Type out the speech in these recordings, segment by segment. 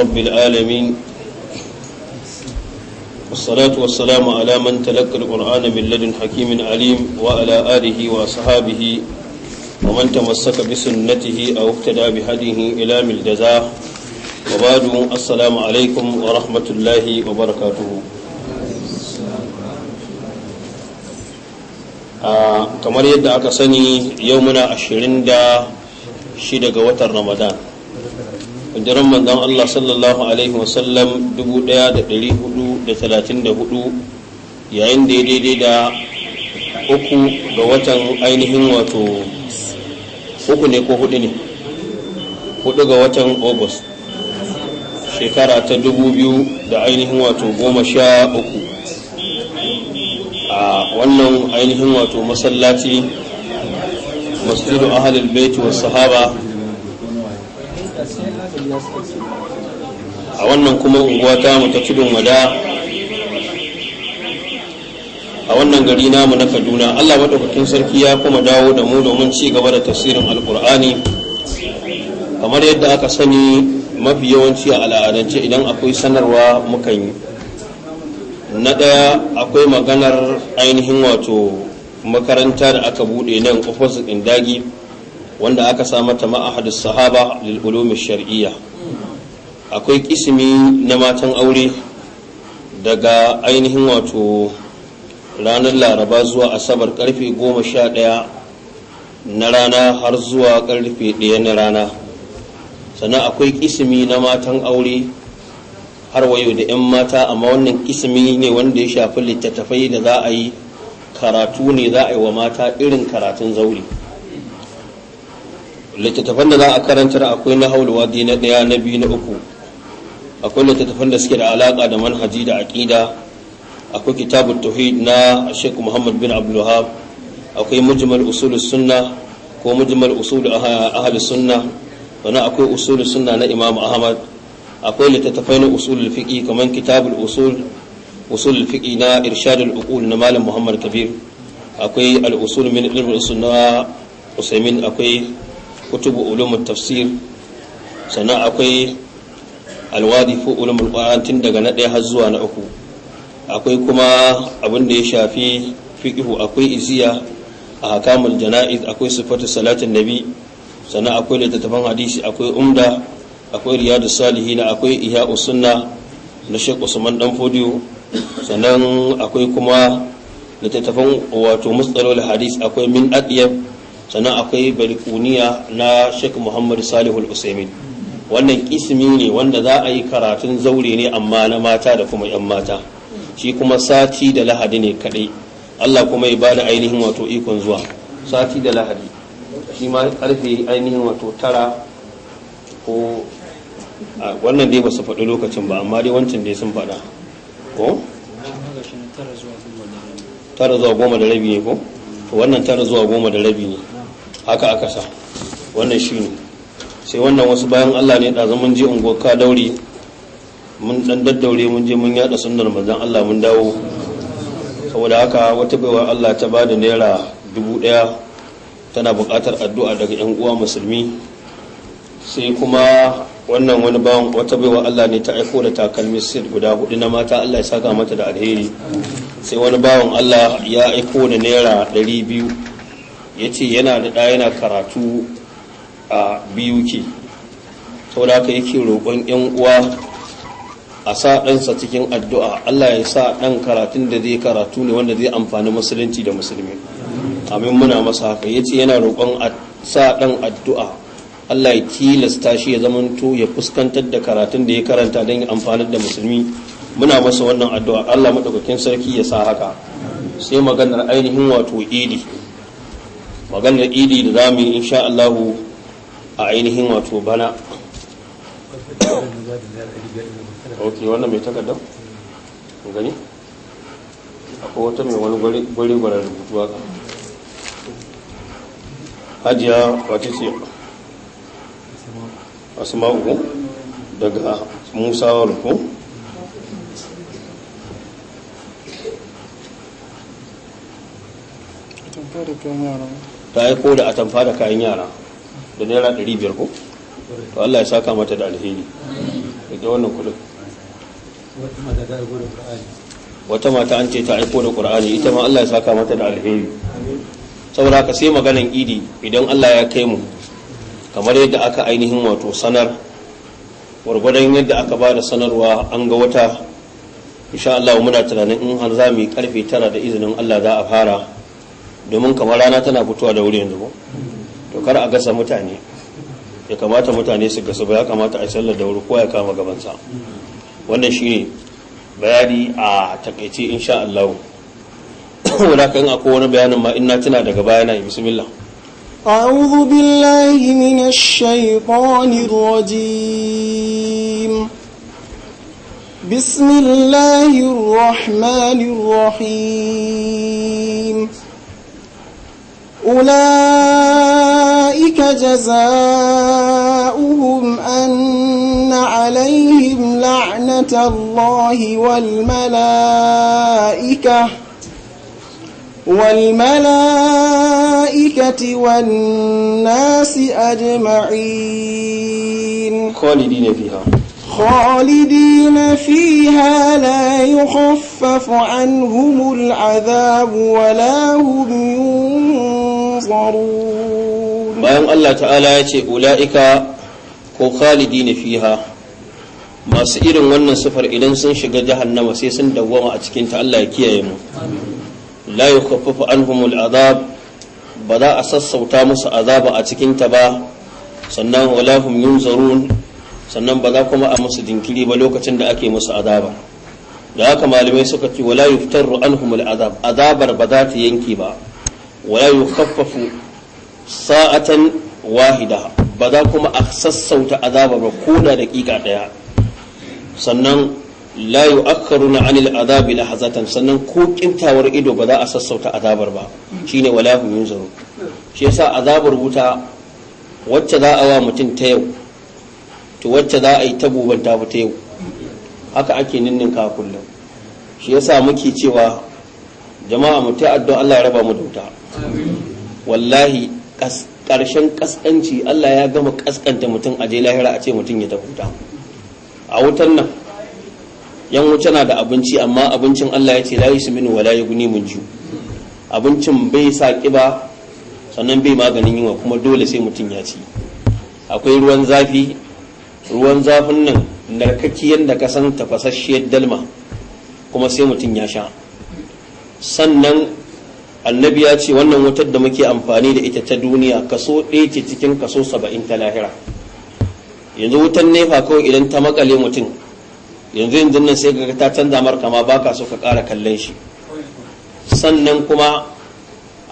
رب العالمين والصلاة والسلام على من تلقى القرآن من لدن حكيم عليم وعلى آله وأصحابه ومن تمسك بسنته أو اقتدى بهديه إلى ملجزاه وبعد السلام عليكم ورحمة الله وبركاته kamar yadda aka sani yau muna ashirin da shi daga watan ramadan hijiran manzan Allah sallallahu alaihi wasallam 1434 yayin da ya daidai da uku ga watan ainihin wato uku ne ko hudu ne hudu ga watan august shekara ta dubu biyu da ainihin wato goma sha uku a wannan ainihin wato masallaci masjidu ahalul baiti wasu sahaba a wannan kuma unguwa ta mu ta tudun wada a wannan gari namu na kaduna allah maɗaukakin sarki ya kuma dawo da mu domin ci gaba da tasirin alkur'ani kamar yadda aka sani mafi yawanci a al'adance idan akwai sanarwa mukan yi na ɗaya akwai maganar ainihin wato makaranta da aka buɗe nan ofis ɗin dagi wanda aka sa mata ma'ahadus sahaba lil ulumi shar'iyya akwai kisimi na matan aure daga ainihin wato ranar laraba zuwa asabar karfe goma sha ɗaya na rana har zuwa karfe ɗaya na rana sannan akwai kisimi na matan aure har wayo da 'yan mata amma wannan kisimi ne wanda ya shafi littattafai da za a yi karatu ne za a yi wa mata irin karatun zaure littattafan da za a karantar akwai na haulawa na ɗaya na biyu na uku akwai littattafan da suke da alaka da manhaji da aqida akwai kitabut tauhid na Sheikh Muhammad bin Abdul Wahhab akwai mujmal usul sunna ko mujmal usul ah, ahli sunna wannan akwai usul sunna na Imam Ahmad akwai littattafai na usul fiqi kaman kitabul usul usul fiqi na irshad al uqul na malam Muhammad Kabir akwai al usul min ilm al sunna Usaimin akwai kutubu ulum tafsir sannan akwai alwadifu ulumul qur'an tun daga na ɗaya har zuwa na uku akwai kuma abin da ya shafi fiqhu akwai iziya a hakamul jana'iz akwai sifatu salatin nabi sannan akwai littattafan hadisi akwai umda akwai riyadu salihin akwai iya usunna na shek usman dan fodiyo sannan akwai kuma littattafan wato mustalol hadis akwai min adiyab sannan akwai balikuniya na shek muhammad salihul usaimin wannan ismi ne wanda za a yi karatun zaure ne amma na mata da kuma 'yan mata shi kuma sati da lahadi ne kadai allah kuma ya bada ainihin wato ikon zuwa sati da lahadi shi ma karfe ainihin wato tara ko wannan dai ba su faɗi lokacin ba amma dai wancan dai sun faɗa ko tara zuwa goma da rabi ne ko wannan tara zuwa goma da rabi ne haka aka sa wannan shi ne sai wannan wasu bayan Allah ne da zaman je unguwar ka daure mun dan daddaure mun je mun yada sunnar manzon Allah mun dawo saboda haka wata baiwa Allah ta bada naira dubu daya tana buƙatar addu'a daga yan uwa musulmi sai kuma wannan wani bawan wata baiwa Allah ne ta aiko da takalmi sit guda hudu na mata Allah ya saka mata da alheri sai wani bawan Allah ya aiko da naira ɗari biyu ya ce yana da ɗaya yana karatu a biyu ke saboda ka yake roƙon 'yan uwa a sa ɗansa cikin addu'a Allah ya sa ɗan karatun da zai karatu ne wanda zai amfani musulunci da musulmi amin muna masa haka ya yana roƙon a sa ɗan addu'a Allah ya tilasta shi ya zamanto ya fuskantar da karatun da ya karanta don ya amfanar da musulmi muna masa wannan addu'a Allah maɗaukakin sarki ya sa haka sai maganar ainihin wato idi maganar idi da zamu yi insha Allahu a ainihin wato bana ok wannan mai takardar gani akwai wata mai wani gwari-gwarar rubutu haka hajiya wace ce asma'u daga musa warko ta yi koda a tamfa da kayan yara da naira ɗari biyar ko to Allah ya saka mata da alheri da ke wannan kudin wata mata an ce ta aiko da ƙur'ani ita ma Allah ya saka mata da alheri saboda haka sai maganan idi idan Allah ya kai mu kamar yadda aka ainihin wato sanar gwargwadon yadda aka ba da sanarwa an ga wata insha Allah muna tunanin in har za mu yi karfe tara da izinin Allah za a fara domin kamar rana tana fitowa da wuri yanzu to a gasa mutane ya kamata mutane su gasa ba ya kamata a sallar da wuri ko ya kama gabansa wannan shine bayani a takaice insha Allah kan akwai wani bayanin ma in tuna daga baya bayana bismillah أعوذ بالله من الشيطان الرجيم بسم الله الرحمن الرحيم أولئك جزاؤهم أن عليهم لعنة الله والملائكة والملائكة والناس أجمعين خالدين فيها خالدين فيها لا يخفف عنهم العذاب ولا هم ينصرون bayan Allah ta'ala ya ce ula'ika ko khalidi ne fiha masu irin wannan sifar idan sun shiga jahannama sai sun dawwama a cikin Allah ya kiyaye mu la yukhaffafu anhumul azab ba za a sassauta musu azaba a cikin ta ba sannan wala hum yunzarun sannan ba za kuma a musu dinkiri ba lokacin da ake musu azaba da haka malamai suka ce wala yuftaru anhumul azab azabar ba za ta yanke ba wala yukhaffafu sa'atan wahida ba za kuma a sassauta azabar ba ko da daƙiƙa ɗaya sannan la yu'akkaruna 'anil azabi lahazatan sannan ko ƙintawar ido ba za a sassauta azabar ba shine wala hum yunzaru shi yasa azabar wuta wacce za a wa mutum ta yau to wacce za a yi ta bubanta ta yau haka ake ninninka kullum shi yasa muke cewa jama'a mu ta addu'a Allah ya raba mu da wuta wallahi karshen kaskanci Allah ya gama kaskanta mutum a je lahira a ce mutum ya tafi wuta a wutan nan yan wuce na da abinci amma abincin Allah ya ce la mini wala yughni min ju abincin bai sa kiba sannan bai maganin yunwa kuma dole sai mutum ya ci akwai ruwan zafi ruwan zafin nan narkakiyar da ka san tafasasshiyar dalma kuma sai mutum ya sha sannan annabi ya ce wannan wutar da muke amfani da ita ta duniya kaso ɗaya ce cikin kaso saba'in ta lahira yanzu wutar nefa kawai idan ta makale mutum yanzu yanzu nan sai ga ta canza marka ma ba ka so ka ƙara kallon shi sannan kuma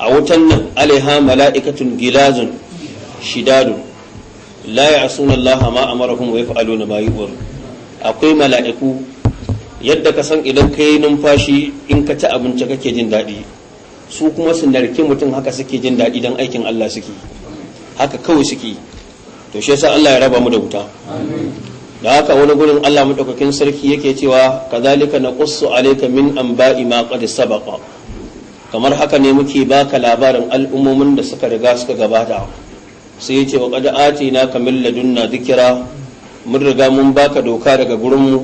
a wutan nan alaiha mala'ikatun gilazun shidadu la ya'suna lahama ma marahun wa yaf'aluna ma uwar akwai mala'iku yadda ka san idan ka yi numfashi in ka ci abinci kake jin daɗi su kuma su narki mutum haka suke jin daɗi don aikin Allah suke haka kawai suke to shi yasa Allah ya raba mu da wuta da haka wani gurin Allah madaukakin sarki yake cewa kazalika naqussu alayka min anba'i ma qad sabaqa kamar haka ne muke baka labarin al'ummomin da suka riga suka gabata sai yace wa qad atina kamil dhikra mun riga mun baka doka daga gurin mu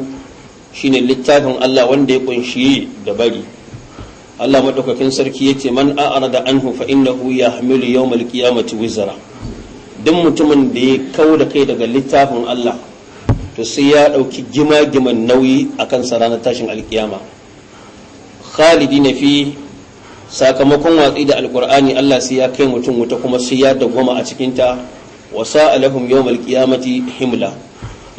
shine littafin Allah wanda ya kunshi da bari Allah madaukakin sarki ya ce man da anhu fa innahu yahmilu yawmal qiyamati wizra duk mutumin da ya kau da kai daga littafin Allah to sai ya ɗauki gima-giman nauyi akan sa ranar tashin alkiyama khalidi na fi sakamakon watsi da alkur'ani Allah sai ya kai mutum wuta kuma sai ya dagwama a cikinta wasa alahum yawmal qiyamati himla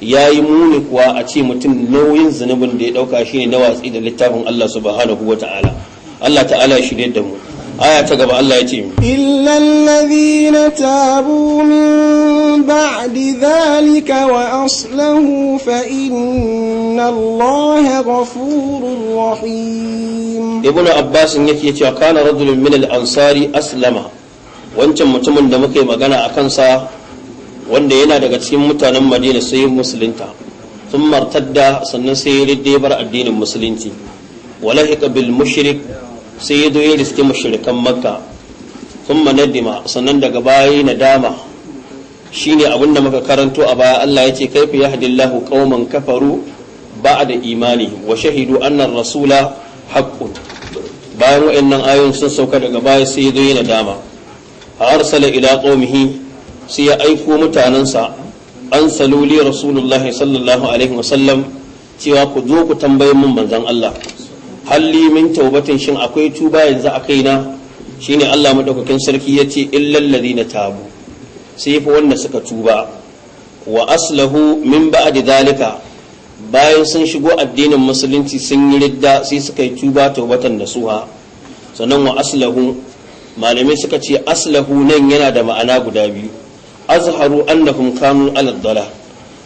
ya yi muni kuwa a ce mutum nauyin zunubin da ya ɗauka shi ne na watsi da littafin Allah subhanahu wa ta'ala Allah ta'ala shirye da mu aya ta gaba Allah ya ce illa alladhina tabu min ba'di dhalika wa aslahu fa inna Allah ghafurur rahim ibnu abbas yake cewa kana rajulun min al-ansari aslama wancan mutumin da muke magana a sa. wanda yana daga cikin mutanen madina sai musulunta sun martadda sannan sai ya bar addinin musulunci walahika bil mushrik sai ya zo ya mushrikan makka sun nadima sannan daga baya na dama shine abin da muka karanto a baya Allah ya ce kaifa yahdillahu kauman kafaru da imani wa shahidu annan rasula haqqun bayan wayannan ayoyin sun sauka daga baya sai ya zo ya nadama arsala ila qaumihi sai ya aiko mutanensa an saloli rasulullahi sallallahu alaihi wasallam cewa ku zo ku tambayi min manzon Allah halli min taubatin shin akwai tuba yanzu a kaina shine Allah madaukakin sarki ya ce illal ladina tabu sai fa wanda suka tuba wa aslahu min ba'di zalika bayan sun shigo addinin musulunci sun yi ridda sai suka yi tuba taubatan nasuha sannan wa aslahu malamai suka ce aslahu nan yana da ma'ana guda biyu azharu annahum kanu ala dala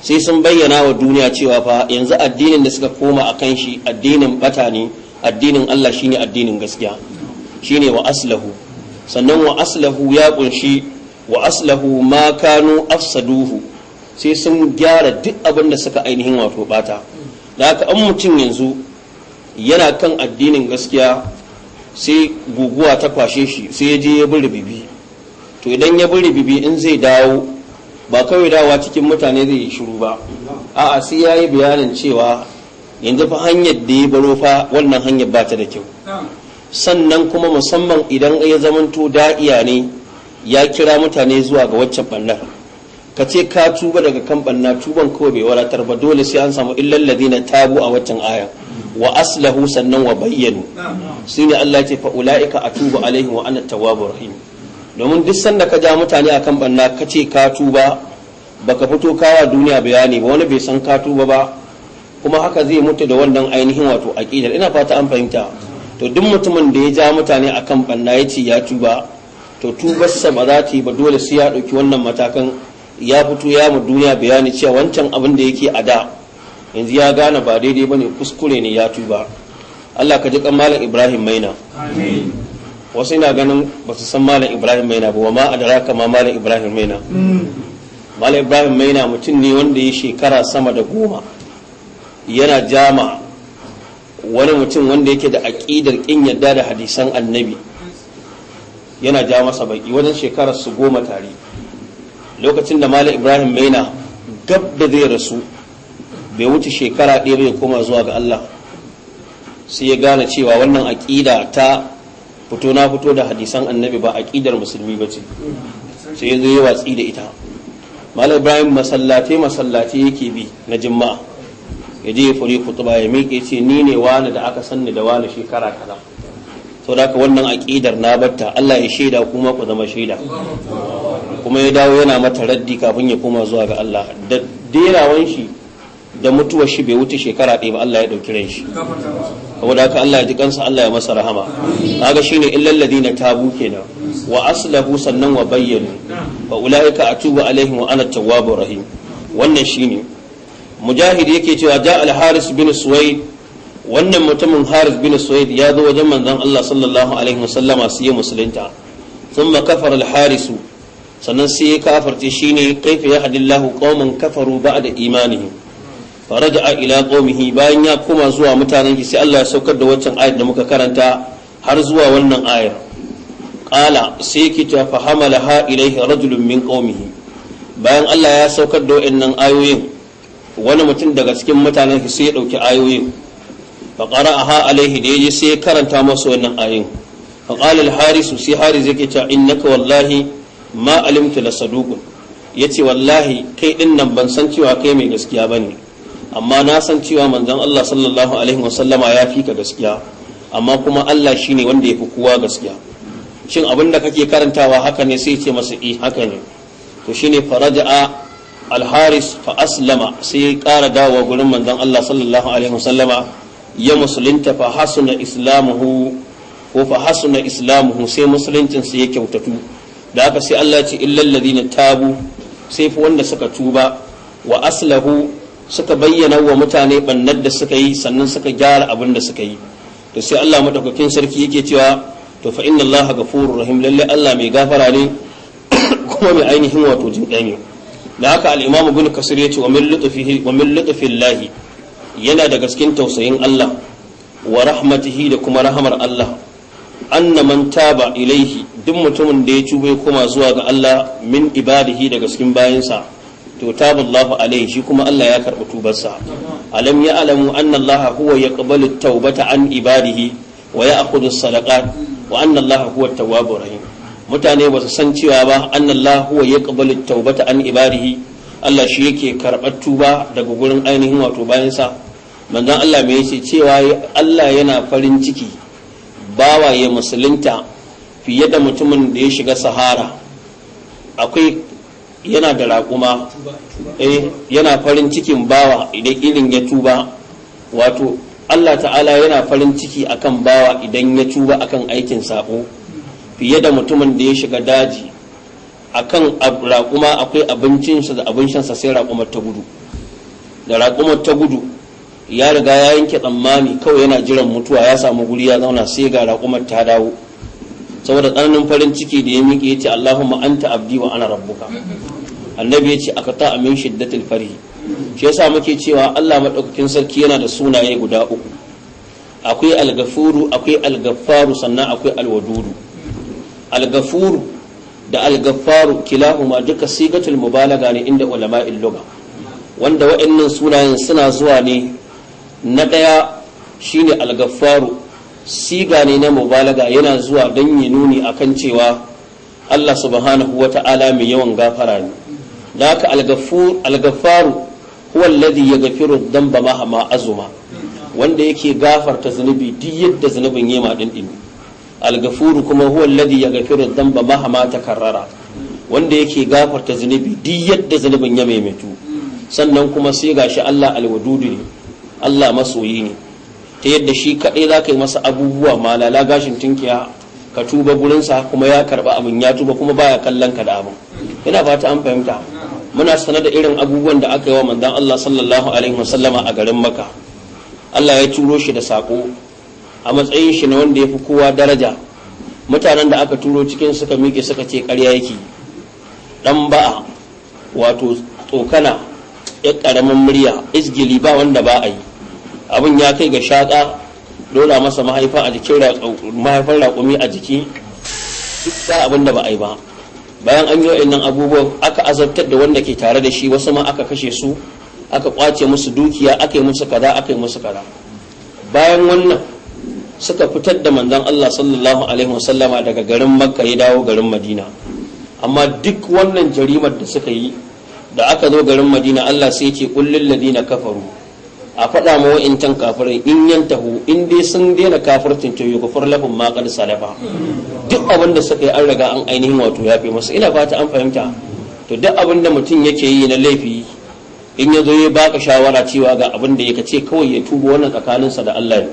sai sun bayyana wa duniya cewa fa yanzu addinin da suka koma akan shi addinin bata ne addinin Allah shine addinin gaskiya shine wa aslahu sannan wa aslahu ya kunshi wa aslahu ma kanu afsaduhu sai sun gyara duk abin da suka ainihin wato bata da haka an mutum yanzu yana kan addinin gaskiya sai guguwa ta kwashe shi sai ya je ya bi rububi to idan ya biri bibi in zai dawo ba kawai dawa cikin mutane zai yi shiru ba a'a sai yi bayanin cewa yanzu fa hanyar da ya baro fa wannan hanyar ba ta da kyau sannan kuma musamman idan ya zamanto da'iya ne ya kira mutane zuwa ga waccan bannar ka ce ka tuba daga kan banna tuban kawai bai walatar ba dole sai an samu illan ladina tabu a waccan aya wa aslahu sannan wa bayyanu ne Allah ya ce fa ulaika atubu alaihim wa ana tawwabur rahim domin duk sanda ka ja mutane akan banna ka ce ka tuba baka fito kawa duniya bayani ba wani bai san ka tuba ba kuma haka zai mutu da wannan ainihin wato aqidar ina fata an fahimta to duk mutumin da ya ja mutane akan banna ya ce ya tuba to tubarsa ba za ta yi ba dole sai ya ɗauki wannan matakan ya fito ya mu duniya bayani cewa wancan abin da yake a da yanzu ya gane ba daidai bane kuskure ne ya tuba Allah ka ji kan malam Ibrahim Maina wasu ina ganin ba su san malam ibrahim maina ba wa ma adraka ma malam ibrahim maina malam ibrahim maina mutum ne wanda ya shekara sama da goma yana jama wani mutum wanda yake da aƙidar ƙin yadda da hadisan annabi yana ja masa baki wajen shekarar su goma tare lokacin da malam ibrahim maina gab da zai rasu bai wuce shekara ɗaya bai koma zuwa ga allah sai ya gane cewa wannan aƙida ta fito na fito da hadisan annabi ba aqidar musulmi ba ce sai yazo yi watsi da ita malam ibrahim masallate masallate yake bi na juma'a ya je ya fure kutuba ya miƙe ce ni ne wani da aka sanni da wani shekara kaza to da wannan aƙidar na batta Allah ya shaida kuma ku zama shaida kuma ya dawo yana mata raddi kafin ya koma zuwa ga Allah da derawan shi da mutuwar shi bai wuce shekara ɗaya ba Allah ya ɗauki ran shi saboda haka Allah ya ji kansa Allah ya masa rahama kaga shine illal ladina tabu kenan wa aslahu sannan wa bayyanu wa ulaika atubu alaihim wa ana tawwabur rahim wannan shine mujahid yake cewa ja al haris bin suwaid wannan mutumin haris bin suwaid ya zo wajen manzon Allah sallallahu alaihi wasallama sai ya musulunta thumma kafara al harisu sannan sai ya kafarce shine kaifa yahdillahu qauman kafaru ba'da imanihim a ila qaumihi bayan ya koma zuwa mutanen shi sai Allah ya saukar da waccan ayar da muka karanta har zuwa wannan ayar qala sai yake ta fahamalaha ilaihi rajulun min qaumihi bayan Allah ya saukar da wa'annan ayoyin wani mutum daga cikin mutanen shi sai ya dauki ayoyin fa qara'aha alaihi da yaje sai ya karanta masa wannan ayoyin fa qala al-harisu sai haris yake ta innaka wallahi ma alimtu la saduqun yace wallahi kai din nan ban san cewa kai mai gaskiya bane amma na san cewa manzon Allah sallallahu alaihi wasallama ya fi ka gaskiya amma kuma Allah shine wanda ya fi kowa gaskiya shin abin da kake karantawa haka ne sai ce masa eh haka ne to shine faraja'a al-haris fa aslama sai ya kara dawowa gurin manzon Allah sallallahu alaihi wasallama ya musulunta fa hasuna islamuhu ko fa hasuna islamuhu sai musuluncin sa ya kyautatu da haka sai Allah ya ce illal ladina tabu sai fa wanda suka tuba wa aslahu suka bayyana wa mutane bannar da suka yi sannan suka gyara abin da suka yi to sai Allah madaukakin sarki yake cewa to fa inna Allah ghafurur rahim lalle Allah mai gafara ne kuma mai ainihin wato jin ne da haka al-Imam Ibn Kasir yace wa min lutfihi wa min lutfillahi yana da gaskin tausayin Allah wa rahmatihi da kuma rahmar Allah anna man taba ilaihi duk mutumin da ya ya kuma zuwa ga Allah min ibadihi daga cikin bayinsa to taballahu alaihi shi kuma Allah ya karɓi tubarsa alam ya alamu anna Allah huwa yaqbalu tawbata an ibadihi wa ya'khudhu sadaqat wa anna Allah huwa tawwabur rahim mutane ba su san cewa ba anna Allah huwa yaqbalu tawbata an ibadihi Allah shi yake karɓar tuba daga gurin ainihin wato bayan sa manzon Allah me yace cewa Allah yana farin ciki bawaye musulunta fiye da mutumin da ya shiga sahara akwai yana da raƙuma eh yana farin cikin bawa idan irin ya tuba wato Allah ta'ala yana farin ciki akan bawa idan ya tuba akan aikin sako fiye da mutumin da ya shiga daji akan raƙuma akwai abincinsa da abincinsa sai raƙumar ta gudu da raƙumar ta gudu ya riga ya yanke tsammani kawai yana jiran mutuwa ya samu guri ya zauna sai ga raƙumar ta dawo saboda tsananin farin ciki da ya miƙe ce Allahumma anta abdi wa ana rabbuka annabi ya ce yace akata amin shiddatil farhi shi yasa muke cewa Allah maɗaukakin sarki yana da sunaye guda uku akwai algafuru akwai algafaru sannan akwai alwaduru algafuru da algafaru kilahuma duka sigatul mubalaga ne inda ulama luga. wanda wa'annan sunayen suna zuwa ne na ɗaya shine algafaru siga ne na mubalaga yana zuwa don yi nuni akan cewa Allah subhanahu wa ta'ala mai yawan gafara ne da haka algafaru huwa alladhi yaghfiru dhanba mahama azuma wanda yake gafarta zunubi duk yadda zunubin ya ma dindimi algafuru kuma al-ladi huwa alladhi yaghfiru dhanba mahama takarrara wanda yake gafarta zunubi duk yadda zunubin ya maimaitu sannan kuma sai gashi Allah alwadudu ne Allah masoyi ne ta yadda shi kaɗai za ka yi masa abubuwa malala gashin tunkiya ka tuba gurinsa kuma ya karba abin ya tuba kuma baya kallon ka da abin yana fata an fahimta muna sanar da irin abubuwan da aka yi wa manzon Allah sallallahu alaihi wasallama a garin maka. Allah ya turo shi da sako a matsayin shi na wanda ya fi kowa daraja mutanen da aka turo cikin suka miƙe suka ce ƙarya yake ɗan ba'a wato tsokana ya ƙaramin murya isgili ba wanda ba a yi abin ya kai ga shaƙa dola masa mahaifa a jikin mahaifar raƙumi a jiki duk da abin da ba a yi ba bayan an yi nan abubuwan aka azabtar da wanda ke tare da shi wasu ma aka kashe su aka kwace musu dukiya aka yi musu kaza aka yi musu kaza bayan wannan suka fitar da manzon Allah sallallahu alaihi wasallama daga garin Makka ya dawo garin Madina amma duk wannan jarimar da suka yi da aka zo garin Madina Allah sai ya ce kullil ladina kafaru a faɗa ma can kafirai in yan taho in dai sun daina kafircin to yukufar lafin ma qad salafa duk abin da suka yi an riga an ainihin wato ya fi masu ina fata an fahimta to duk abin da mutum yake yi na laifi in ya zo ya baka shawara cewa ga abin da yake ce kawai ya tuba wannan tsakaninsa da Allah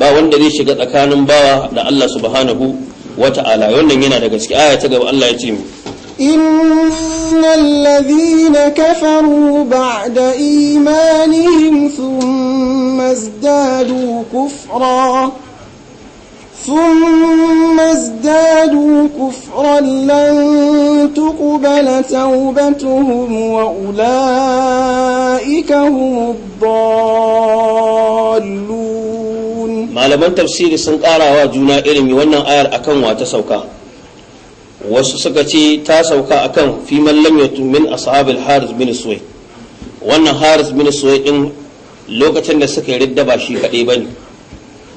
ba wanda zai shiga tsakanin bawa da Allah subhanahu wata'ala wannan yana daga ciki aya ta gaba Allah ya ce mu إن الذين كفروا بعد إيمانهم ثم ازدادوا كفرا ثم ازدادوا كفرا لن تقبل توبتهم وأولئك هم الضالون ما لمن تفسير سنقارا وجونا إلمي وانا آير أكون واتسوكا wasu suka ce ta sauka a kan fiman lam yatu min ashabil haris bin suwai wannan haris bin suwai din lokacin da suka yi ridda ba shi ne bane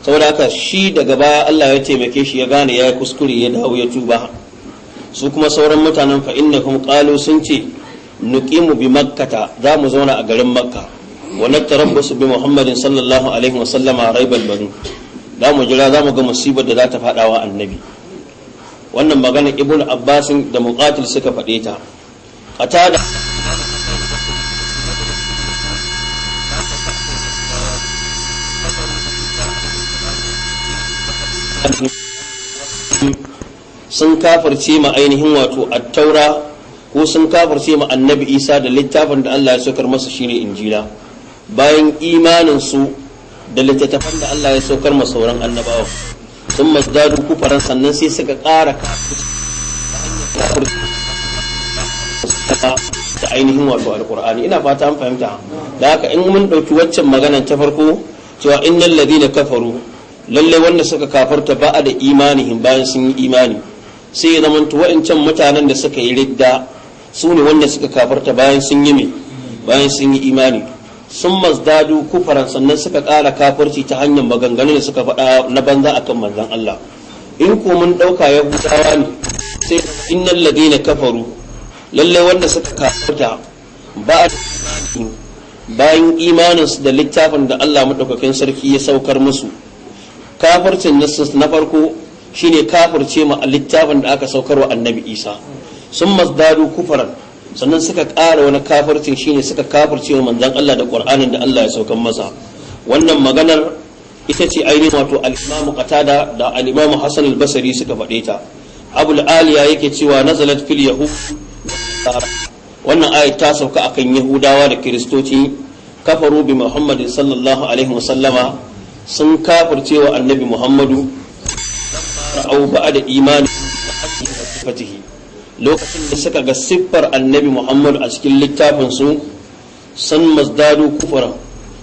saboda haka shi daga baya Allah ya taimake shi ya gane ya yi kuskure ya dawo ya tuba su kuma sauran mutanen fa kuma ƙalo sun ce nuƙi mu bi makkata za mu zauna a garin makka wa natarabbasu bi muhammadin sallallahu alaihi wa sallama raibal banu za mu jira za mu ga musibar da za ta fadawa annabi wannan magana ibn abbas da muqatil suka faɗe ta qatada sun kafirce ma ainihin wato taura ko sun kafirce ma annabi isa da littafin da allah ya saukar masa shine injila bayan imanin su da littattafan da allah ya saukar masa sauran annabawa sun mazdadu kufaran sannan sai suka ƙara da ainihin wato alkur'ani ina fata an fahimta da haka in mun ɗauki waccan maganan ta farko cewa in ladi da kafaru lallai wanda suka kafarta ba a da imanihim bayan sun yi imani sai ya zama wa'ancan mutanen da suka yi ridda su ne wanda suka kafarta bayan sun bayan sun yi imani sun mazdadu kufaran sannan suka kara kafirci ta hanyar maganganu da suka faɗa na banza akan manzon Allah in ko mun ɗauka ya hutawa ne sai innal ladina kafaru lalle wanda suka kafirta ba bayan imaninsu da littafin da Allah maɗaukakin sarki ya saukar musu kafircin na farko shine kafirce ma littafin da aka saukar wa annabi isa sun mazdadu kufaran sannan suka ƙara wani kafircin shine suka kafirce wa manzon Allah da Qur'anin da Allah ya sauka masa wannan maganar ita ce ainihin wato al-Imam Qatada da al-Imam Hassan al-Basri suka faɗe ta Abul Aliya yake cewa nazalat fil yahud wannan ayat ta sauka akan Yahudawa da Kiristoci kafaru bi Muhammadin sallallahu alaihi wasallama sun kafirce wa Annabi Muhammadu ra'au ba'da imani fatihi lokacin da suka ga siffar annabi muhammadu a cikin littafin su san mazdadu kufuran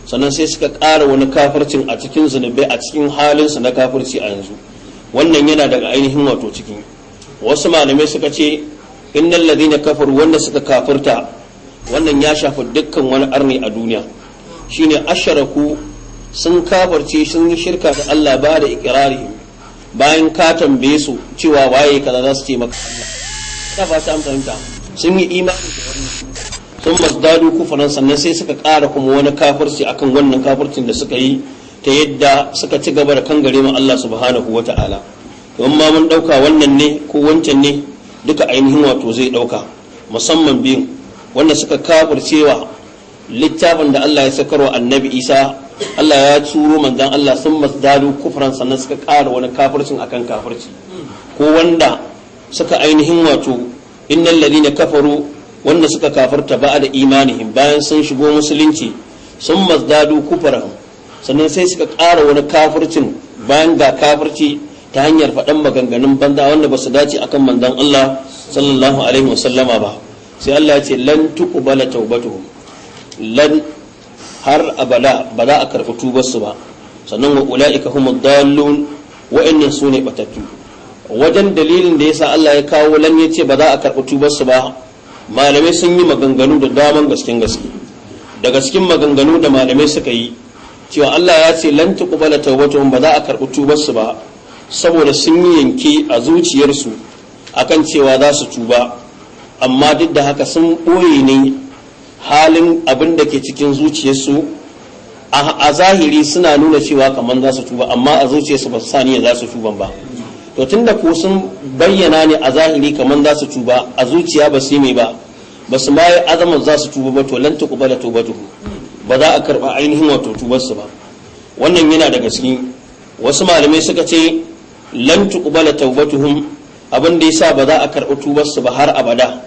sannan sai suka kara wani kafircin a cikin zunubai a cikin halinsu na kafirci a yanzu wannan yana daga ainihin wato cikin wasu malamai suka ce innal na kafar wanda suka kafirta wannan ya shafi dukkan wani arni a duniya shine asharaku sun kafarci sun yi shirka da Allah ba da ikirari bayan ka tambaye su cewa waye kaza za su ce maka Allah ta ta amfanta sun yi imani da wannan sun mazdadu sannan sai suka ƙara kuma wani kafirci akan wannan kafircin da suka yi ta yadda suka ci gaba da kangare ma Allah subhanahu wa ta'ala don ma mun ɗauka wannan ne ko wancan ne duka ainihin wato zai ɗauka musamman biyu wanda suka kafircewa littafin da Allah ya sakarwa annabi Isa Allah ya turo manzon Allah sun masdalu kufran sannan suka ƙara wani kafircin akan kafirci ko wanda suka ainihin wato innal ladina kafaru wanda suka kafarta ba da imanihim bayan sun shigo musulunci sun mazdadu kufaran sannan sai suka ƙara wani kafircin bayan ga kafirci ta hanyar faɗan maganganun banza wanda ba su dace akan manzon Allah sallallahu alaihi wasallama ba sai Allah ya ce lan tuqbala tawbatuhum lan har abada ba za a karɓi su ba sannan wa ula'ika humud dallun wa'annan sune batattu wajen dalilin da yasa Allah ya kawo lam ya ce ba za a karɓi tubarsu ba malamai sun yi maganganu da daman gaskin gaske daga cikin maganganu da malamai suka yi cewa Allah ya ce lan tuqbala tawbatuhum ba za a karɓi tubarsu ba saboda sun yi yanke a zuciyarsu akan cewa za su tuba amma duk da haka sun ɓoye ne halin abin da ke cikin zuciyarsu a zahiri suna nuna cewa kamar za su tuba amma a zuciyarsu ba su saniya za su tuban ba to tunda ko sun bayyana ne a zahiri kamar za su tuba a zuciya ba su mai ba ba su ma azaman za su tuba ba to lan tuqbala tubatuhu ba za a karba ainihin wato tubar su ba wannan yana daga cikin wasu malamai suka ce lan tuqbala tawbatuhum abin da ya sa ba za a karɓi tubar su ba har abada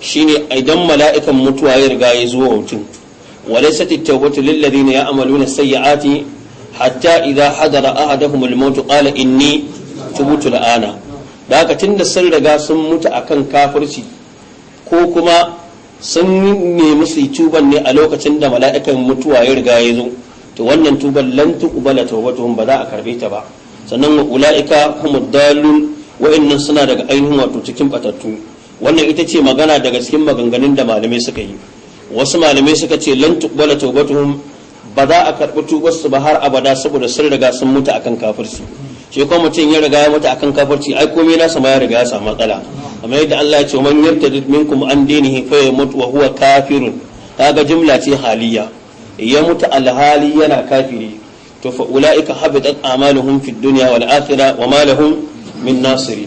shine idan mala'ikan mutuwa ya riga ya zo wa mutum وليست التوبة للذين يعملون hatta حتى إذا حضر أحدهم الموت قال إني tumutu la'ana da haka da sun riga sun mutu akan kafirci ko kuma sun nemi su yi tuban ne a lokacin da mala'ikan mutuwa ya riga ya zo to wannan tuban lan tuqbala tawbatuhum ba za a karbe ta ba sannan wa ulaika humud dalun wa'annan suna daga ainihin wato cikin batattu wannan ita ce magana daga cikin maganganun da malamai suka yi wasu malamai suka ce lan tuqbala tawbatuhum ba za a karbi tubar su ba har abada saboda sun riga sun mutu akan kafirci shi kuma mutum ya riga ya mutu akan kafirci ai komai na sama ya riga ya samu matsala kamar yadda Allah ya ce man yartadid minkum an dinihi fa yamut wa huwa kafirun kaga jumla ce haliya ya mutu alhali yana kafiri to fa ulaika habitat amaluhum fid dunya wal akhirah wa ma min nasiri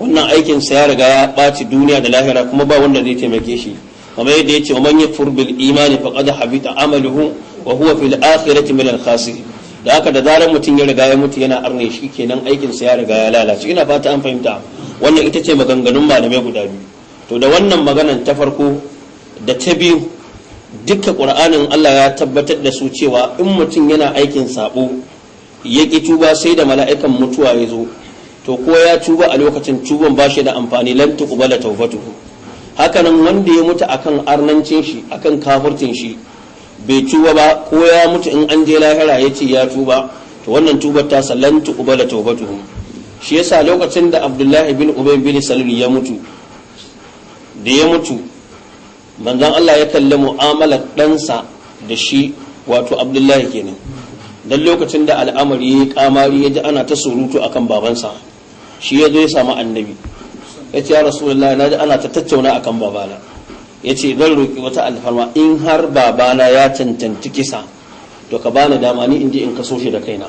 wannan aikin sa ya riga ya baci duniya da lahira kuma ba wanda zai taimake shi kamar yadda ya ce man yafur bil imani faqad habita amaluhu wa huwa fil akhirati min al khasirin da haka da zarar mutum ya riga ya mutu yana arne shi kenan aikin sa ya riga ya lalace ina fata an fahimta wannan ita ce maganganun malamai guda biyu to da wannan maganan ta farko da ta biyu dukkan qur'anin Allah ya tabbatar da su cewa in mutum yana aikin sabo ya ki tuba sai da mala'ikan mutuwa ya zo to ko ya tuba a lokacin tuban ba shi da amfani lan tuqbala tawbatuhu hakanan wanda ya mutu akan arnancin shi akan kafircin shi bai tuba ba ko ya mutu in an je lahira ya ce ya tuba to wannan tubar ta sallantu tuba da taubatuhum shi yasa lokacin da abdullahi bin ubay bin salul ya mutu da ya mutu manzon Allah ya kalli mu'amalar ɗansa da shi wato abdullahi kenan dan lokacin da al'amari ya kamari ya ji ana ta surutu akan babansa shi ya zo ya samu annabi ya ce ya rasulullahi na ji ana ta tattauna akan babana ya ce zan roƙi wata alfarma in har babana ya cancanci kisa to ka bani dama ni in je in kaso shi da kaina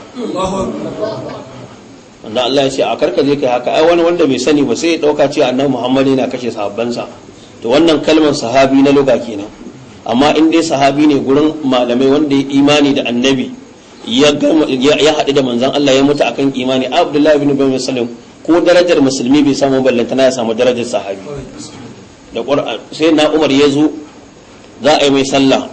wanda Allah ya ce a karka je kai haka ai wani wanda bai sani ba sai ya dauka cewa annabi Muhammad yana kashe sa to wannan kalmar sahabi na loga kenan amma in dai sahabi ne gurin malamai wanda ya imani da annabi ya haɗu da manzan Allah ya mutu akan imani Abdullahi ibn Ubay ko darajar musulmi bai samu ballantana ya samu darajar sahabi da qur'an sai na umar ya zo za a yi mai sallah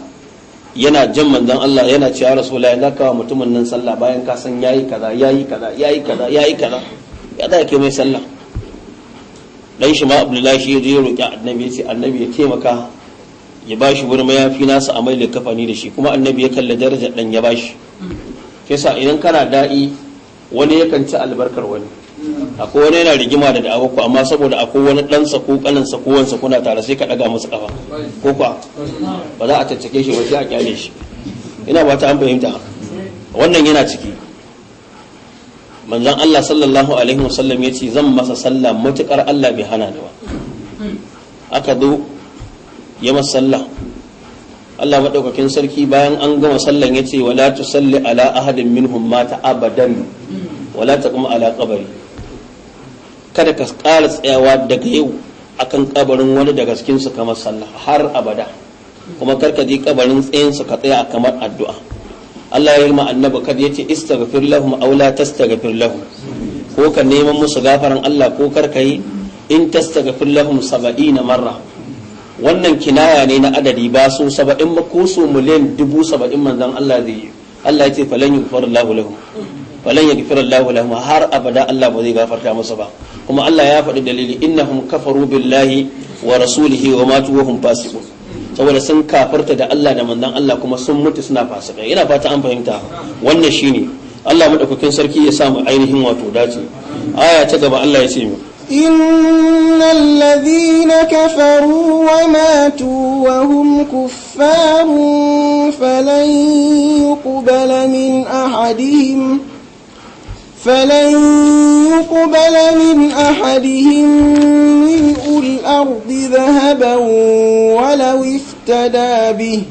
yana jan manzan Allah yana cewa rasulullahi za ka wa mutumin nan sallah bayan ka san yayi kaza yayi kaza yayi kaza yayi kaza ya da ke mai sallah dan shi ma abdullahi shi ya roƙi annabi ya ce annabi ya taimaka ya bashi wani mayafi nasa a mai kafani da shi kuma annabi ya kalla darajar dan ya bashi shi idan kana da'i wani yakan ci albarkar wani akwai wani yana rigima da da'awa ku amma saboda akwai wani ɗansa ko ƙaninsa ko wansa kuna tare sai ka ɗaga masa ƙafa ko kwa ba za a tattake shi ba sai a kyale shi ina ba ta an fahimta wannan yana ciki manzon Allah sallallahu alaihi wasallam ya ce zan masa sallah matuƙar Allah bai hana da ba aka zo ya masa sallah Allah maɗaukakin sarki bayan an gama sallan ya ce wala tusalli ala ahadin minhum mata abadan wala taqum ala qabri kada ka ƙara tsayawa daga yau akan kabarin wani daga su kamar sallah har abada kuma karka je kabarin tsayinsu ka tsaya kamar addu'a Allah ya yi ma annabi kad yace istaghfir lahum aw la tastaghfir lahum ko ka neman musu gafaran Allah ko karka yi in tastaghfir lahum 70 marra wannan kinaya ne na adadi ba su 70 ba ko su miliyan 70 manzon Allah zai yi Allah yace falan yughfir lahum falan yaghfir Allahu lahum har abada Allah ba zai gafarta musu ba kuma Allah ya faɗi dalili innahum kafaru billahi wa rasulihi wa matu wa hum fasiqun saboda sun kafarta da Allah da manzon Allah kuma sun mutu suna fasikai yana fata an fahimta wannan shine Allah madaukakin sarki ya samu ainihin wato dace aya ta gaba Allah ya ce mu إن الذين كفروا وماتوا وهم كفار فلن يقبل من أحدهم فلن يقبل من أحدهم ملء الأرض ذهبا ولو افتدى به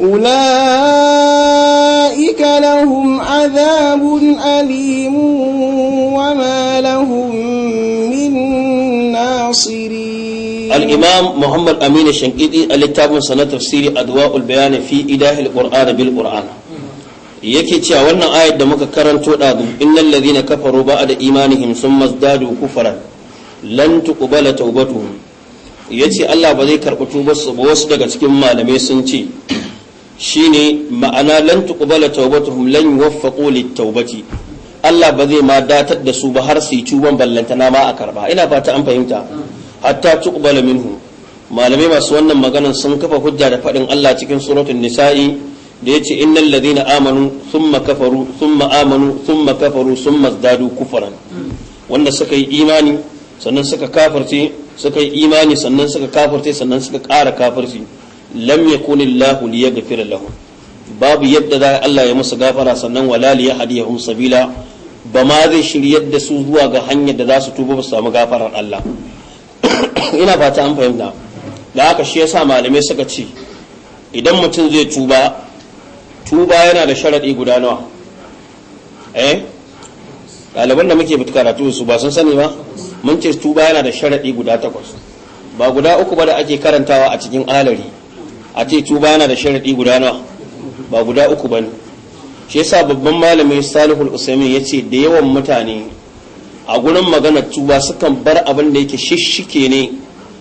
أولئك لهم عذاب أليم وما لهم من ناصرين الإمام محمد أمين الشنقيطي الكتاب سنة تفسير أدواء البيان في إله القرآن بالقرآن yake cewa wannan ayat da muka karanto ɗazu innal ladhina kafaru ba'da imanihim summa zadu kufran lan tuqbala tawbatuhum yace Allah ba zai karɓi tubar ba wasu daga cikin malamai sun ce shine ma'ana lan tuqbala tawbatuhum lan yuwaffaqu lit Allah ba zai ma datar da su ba har su yi tuban ballantana ma a karba ina fata an fahimta hatta tuqbala minhu malamai masu wannan maganan sun kafa hujja da faɗin Allah cikin suratul nisa'i da yace innal ladina amanu thumma kafaru thumma amanu thumma kafaru thumma zadu kufran wanda suka yi imani sannan suka kafarce suka yi imani sannan suka kafarce sannan suka ƙara kafarci lam yakunillahu liyaghfira lahum babu yadda za Allah ya musu gafara sannan wala li yahdihum sabila ba ma zai shiryar da su zuwa ga hanyar da za su tuba su samu gafarar Allah ina fata an fahimta da haka shi yasa malamai suka ce idan mutum zai tuba tuba yana da sharaɗi guda nawa eh ɗaliban da muke fita karatu su ba sun sani ba mun ce tuba yana da sharaɗi guda takwas ba guda uku ba da ake karantawa a cikin alari a ce tuba yana da sharaɗi guda nawa ba guda uku ba ne shi yasa babban malami salihul usaimi ya ce da yawan mutane a gurin maganar tuba sukan bar abin da yake shishike ne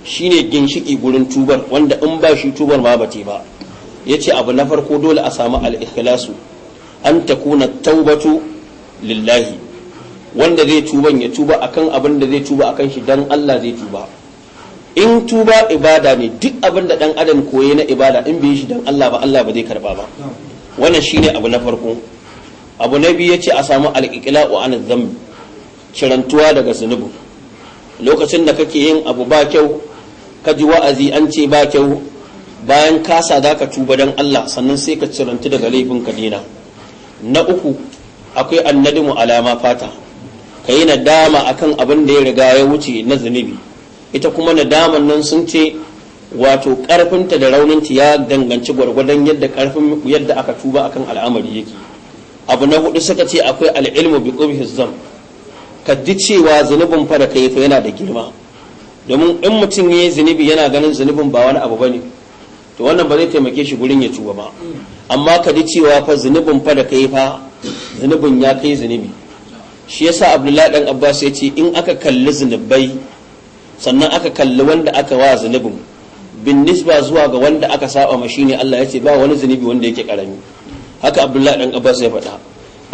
shine ginshiki gurin tubar wanda in ba shi tubar ma ba ce ba yace abu na farko dole a samu al-ikhlasu an takuna taubatu lillahi wanda zai tuban ya tuba akan abin da zai tuba akan shi dan Allah zai tuba in tuba ibada ne duk abin da dan adam koye na ibada in bai shi dan Allah ba Allah ba zai karba ba wannan shine abu na farko abu na biyu yace a samu al-iqla'u an dhanb daga zunubi lokacin da kake yin abu ba kyau ka ji wa'azi an ce ba kyau bayan kasa sada ka tuba don Allah sannan sai ka ciranti daga laifin ka dina na uku akwai annadimu alama fata ka yi nadama akan abin da ya riga ya wuce na zunubi ita kuma nadaman nan sun ce wato karfinta da rauninta ya danganci gwargwadon yadda karfin yadda aka tuba akan al'amari yake abu na hudu suka ce akwai al'ilmu bi qubhi zam ka ji cewa zunubin fa da kai yana da girma domin in mutum ya yi zunubi yana ganin zunubin ba wani abu bane to wannan ba zai taimake shi gurin ya tuba ba amma ka ji cewa fa zunubin fa da kai fa zunubin ya kai zunubi shi yasa abdullahi dan abbas ya ce in aka kalli zunubai sannan aka kalli wanda aka wa zunubin bin nisba zuwa ga wanda aka saba ma shine Allah ya ce ba wani zunubi wanda yake karami haka abdullahi dan abbas ya faɗa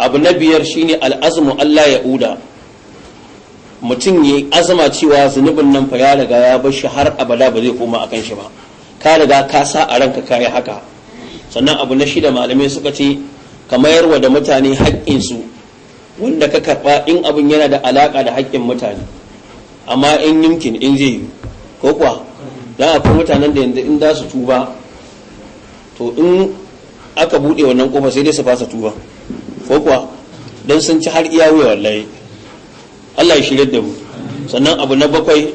abu na biyar shine al'azmu Allah ya uda mutum ya azama cewa zunubin nan fa ya riga ya bar shi har abada ba zai koma akan shi ba ka riga ka sa a ranka kayi haka sannan abu na shida malamai suka ce ka mayarwa da mutane haƙƙinsu wanda ka karɓa in abin yana da alaƙa da haƙƙin mutane amma in yumkin in zai yi ko kuwa don akwai mutanen da yanzu in za su tuba to in aka buɗe wannan ƙofa sai dai su fasa tuba ko kuwa don sun ci har iya wuya wallahi Allah ya shirya da mu sannan abu na bakwai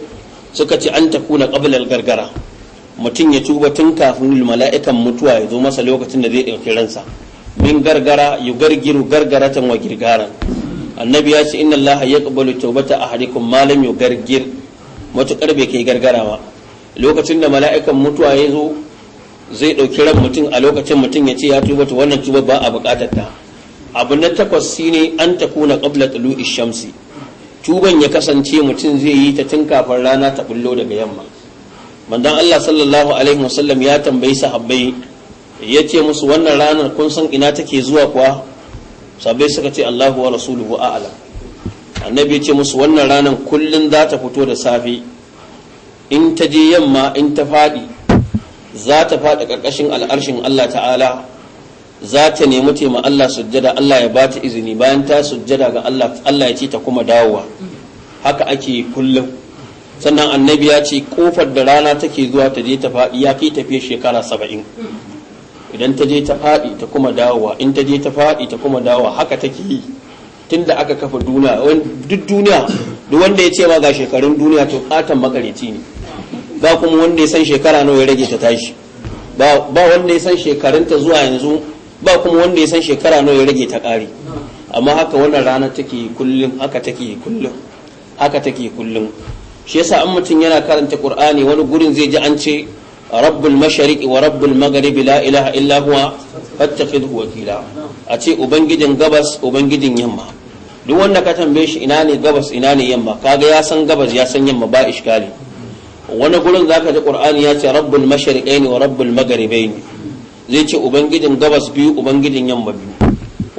suka ce an takuna na al-gargara mutum ya tuba tun kafin mala'ikan mutuwa ya zo masa lokacin da zai ɗauki ransa min gargara yu gargiru gargaratan wa girgara annabi ya ce inna allaha yaqbalu tawbata ahadikum ma lam yugargir matukar bai kai gargara ba lokacin da mala'ikan mutuwa ya zo zai ɗauki ran mutum a lokacin mutum ya ce ya tuba to wannan tuba ba a buƙatar ta abu na takwas shine an takuna qabla tulu'i shamsi tuban ya kasance mutum zai yi ta tun kafin rana ta bullo daga yamma manzon Allah sallallahu alaihi wasallam ya tambayi sahabbai ya ce musu wannan ranar kun san ina take zuwa kuwa sahabbai suka ce Allahu wa rasuluhu a'ala annabi ya ce musu wannan ranar kullun za ta fito da safe in ta je yamma in ta faɗi za ta faɗi karkashin al'arshin Allah ta'ala za ta nemi tema Allah sujjada Allah ya ba ta izini bayan ta sujjada ga Allah Allah ya ce ta kuma dawowa haka ake kullum sannan annabi ya ce kofar da rana take zuwa ta je ta faɗi ya fi tafiye shekara saba'in idan ta je ta faɗi ta kuma dawowa in ta je ta faɗi ta kuma dawowa haka take yi tun da aka kafa duniya duk duniya duk wanda ya ce ma ga shekarun duniya to katon makareci ne ba kuma wanda ya san shekara nawa ya rage ta tashi ba wanda ya san shekarun ta zuwa yanzu ba kuma wanda ya san shekara nawa ya rage ta ƙari amma haka wannan rana take kullum haka take kullum haka take kullum shi yasa an mutum yana karanta qur'ani wani gurin zai ji an ce rabbul mashariqi wa rabbul maghribi la ilaha illa huwa fattakhidhu wakila a ce ubangijin gabas ubangijin yamma duk wanda ka tambaye shi ina ne gabas ina ne yamma kaga ya san gabas ya san yamma ba iskali wani gurin zaka ji qur'ani ya ce rabbul mashariqaini wa rabbul maghribaini zai ce ubangijin gabas biyu ubangijin yamma biyu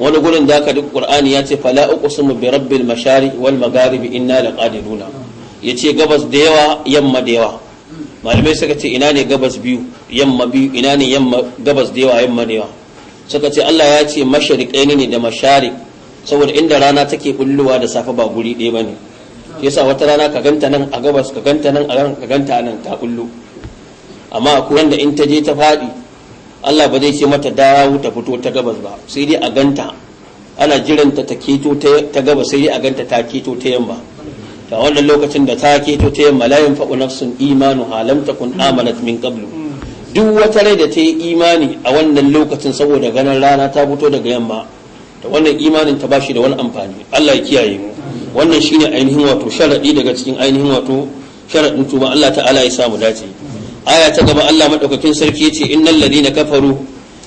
wani gurin zaka ji qur'ani ya ce fala uqsimu bi rabbil mashariqi wal magharibi inna laqadiruna ya ce gabas da yawa yamma da yawa malamai suka ce ina ne gabas biyu yamma biyu ina ne yamma gabas da yawa yamma da yawa suka ce Allah ya ce mashariƙaini ne da mashari saboda inda rana take bullowa da safe ba guri ɗaya bane yasa wata rana ka ganta nan a gabas ka ganta nan a ka ganta nan ta bullo amma a kuran da in ta je ta faɗi Allah ba zai ce mata dawo ta fito ta gabas ba sai dai a ganta ana jiranta ta keto ta gabas sai dai a ganta ta keto ta yamma a wannan lokacin da ta keto ta malayin la na nafsun imanu halamta takun amanat min qablu duk wata rai da ta yi imani a wannan lokacin saboda ganin rana ta fito daga yamma da wannan imanin ta bashi da wani amfani Allah ya kiyaye mu wannan shine ainihin wato sharadi daga cikin ainihin wato sharadin tuba Allah ta'ala ya samu dace aya ta gaba Allah madaukakin sarki yace innal ladina kafaru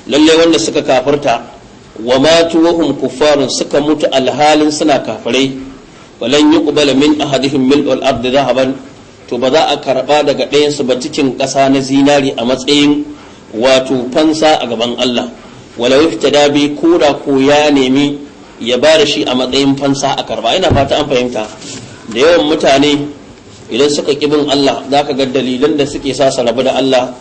lalle wanda suka kafarta wa matu wa hum kuffarun suka mutu alhalin suna kafirai walan yuqbala min ahadihim mil'ul ardi dhahaban to ba za a karba daga ɗayan su ba cikin ƙasa na zinari a matsayin wato fansa a gaban Allah wala yuftada bi kura ko ya nemi ya ba da shi a matsayin fansa a karba ina fata an fahimta da yawan mutane idan suka kibin bin Allah za ka ga dalilan da suke sa rabu da Allah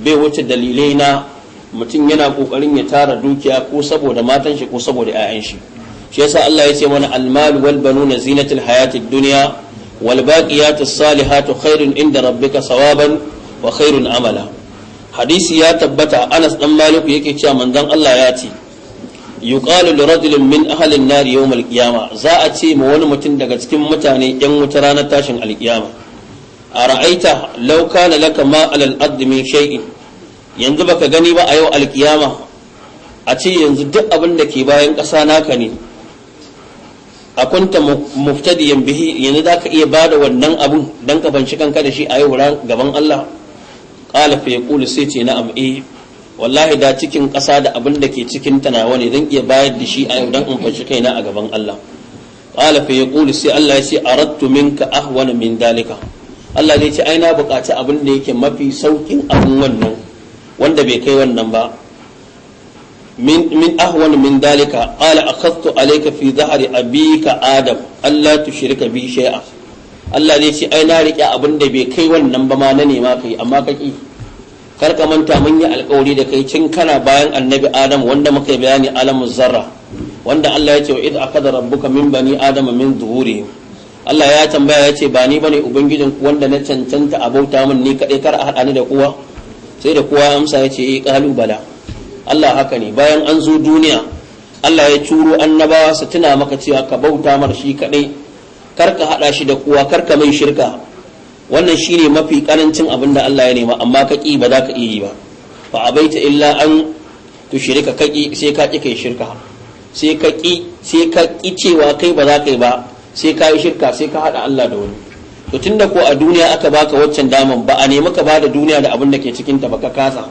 bai wuce dalilai na mutum yana ƙoƙarin ya tara dukiya ko saboda matan shi ko saboda 'ya'yan shi shi yasa Allah ya ce mana almal wal banuna zinatul hayatid dunya wal baqiyatus salihatu khairun inda rabbika sawaban wa khairun amala hadisi ya tabbata Anas dan Malik yake cewa manzon Allah ya ce yuqalu li rajulin min ahli an-nar yawm al-qiyamah za a ce ma wani mutum daga cikin mutane yan wuta ranar tashin al A ara'aita law kana laka ma al-ardi min shay'in yanzu baka gani ba a yau al-qiyama a ce yanzu duk abin da ke bayan ƙasa naka ne a kwanta muftadiyan bihi yanzu za ka iya ba da wannan abun don ka banci kanka da shi a yau gaban Allah ƙala fa ya ƙulu sai ce na'am eh wallahi da cikin ƙasa da abin da ke cikin tanawa ne zan iya bayar da shi a yau don in banci kaina a gaban Allah ƙala fa ya ƙulu sai Allah ya ce aradtu minka ahwana min dalika Allah zai ce ai na buƙaci abin da yake mafi saukin abin wannan wanda bai kai wannan ba من من أهون من ذلك قال أخذت عليك في ظهر أبيك آدم ألا تشرك به شيئا Allah zai ce ai na riƙe abin da bai kai wannan ba ma na nema kai amma ka ƙi kar ka manta mun yi alkawari da kai cin kana bayan annabi Adam wanda muka bayani alamu zarra wanda Allah ya ce wa idh akada rabbuka min bani adama min zuhuri Allah ya tambaya ya ce ba ni bane ubangijin wanda na cancanta abauta min ni kaɗai kar a haɗa ni da kowa sai da kowa amsa ya ce eh ƙalu bala Allah haka ne bayan an zo duniya Allah ya turo annabawa su tuna maka cewa ka bauta mar shi kadai ka haɗa shi da kowa ka mai shirka wannan shine mafi karancin abin da Allah ya nema amma ka ki ba za ka iya yi ba fa abaita illa an shirka ka ki sai ka ƙi kai shirka sai ka ki sai ka ki cewa kai ba za ka yi ba sai ka yi shirka sai ka haɗa Allah da wani to tunda ko a duniya aka baka waccan daman ba a nemi ka bada duniya da abin da ke cikinta ba ka kasa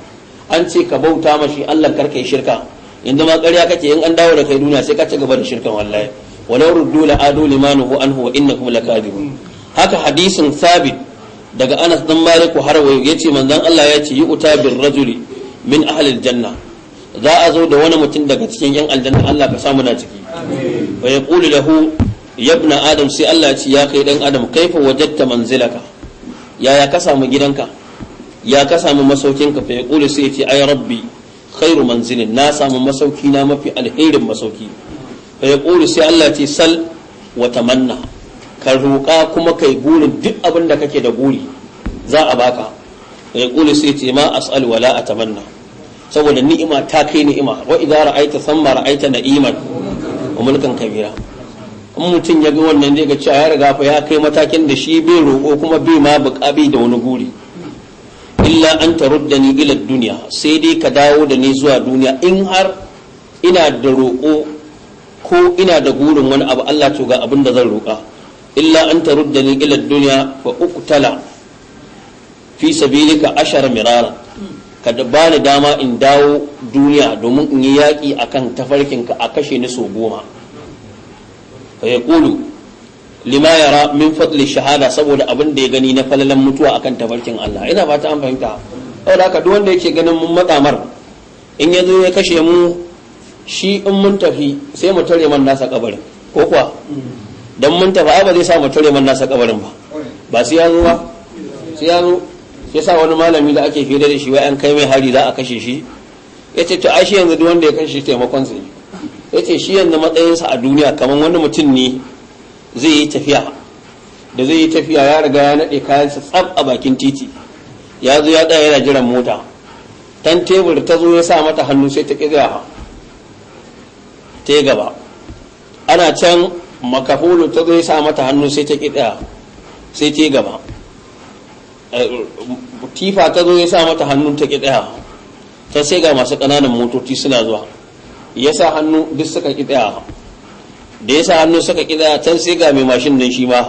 an ce ka bauta mashi Allah karkai shirka inda ma ƙarya kake in an dawo da kai duniya sai ka ci gaba da shirkan wallahi walau ruddu la adu limanuhu anhu wa innakum lakadibun haka hadisin sabit daga Anas dan Malik har wayo yace manzon Allah ya ce yu'ta bir rajuli min ahli janna za a zo da wani mutum daga cikin yan aljanna Allah ka samu na ciki wa yaqulu lahu yabna adam sai Allah ya ce ya kai dan adam kaifa wajadta manzilaka yaya ka samu gidanka ya ka samu masaukin ka fa ya sai ce ai rabbi khairu manzilin na samu masauki na mafi alherin masauki fa sai Allah ce sal wa tamanna ka roƙa kuma kai burin duk abin da kake da buri za a baka fa ya sai ce ma as'al wala tamanna saboda ni'ima ta kai ni'ima wa idza ra'aita thamma ra'aita na'iman wa mulkan kabira in mutum ya ga wannan zai ga cewa ya riga fa ya kai matakin da shi bai roƙo kuma bai ma buƙabi da wani guri illa an taruddani ila duniya sai dai ka dawo da ni zuwa duniya in har ina da roƙo ko ina da gurin wani abu Allah to ga abin da zan roƙa illa an taruddani ila duniya fa uqtala fi sabilika ashar mirara ka ba ni dama in dawo duniya domin in yi yaƙi akan tafarkinka a kashe ni sau goma fa yaqulu lima yara min fadli shahada saboda abin da ya gani na falalan mutuwa akan tabarkin Allah ina ba ta an fahimta saboda haka duk wanda yake ganin mun matsamar in ya zo ya kashe mu shi in mun tafi sai mu tare man nasa kabarin ko kuwa dan mun tafi ai ba zai sa mu tare man nasa kabarin ba ba sai ya zo ba sai ya zo sai sa wani malami da ake fira da shi wai an kai mai hari za a kashe shi yace to ai shi yanzu duk wanda ya kashe taimakon sai yace shi yanzu matsayinsa a duniya kamar wani mutum ne zai yi tafiya da zai yi tafiya ya riga ya naɗe kayansa tsab a bakin titi ya zo ya tsaya yana jiran mota tan tebur ta zo ya sa mata hannu sai ta ƙiga ta yi gaba ana can makafulu ta zo ya sa mata hannu sai ta ƙiɗa sai ta yi gaba eh, tifa ta zo ya sa mata hannun ta ƙiɗa ta sai ga masu ƙananan motoci suna zuwa ya sa hannu duk suka ƙiɗa da ya sa hannu suka kida can sai ga mai mashin nan shi ma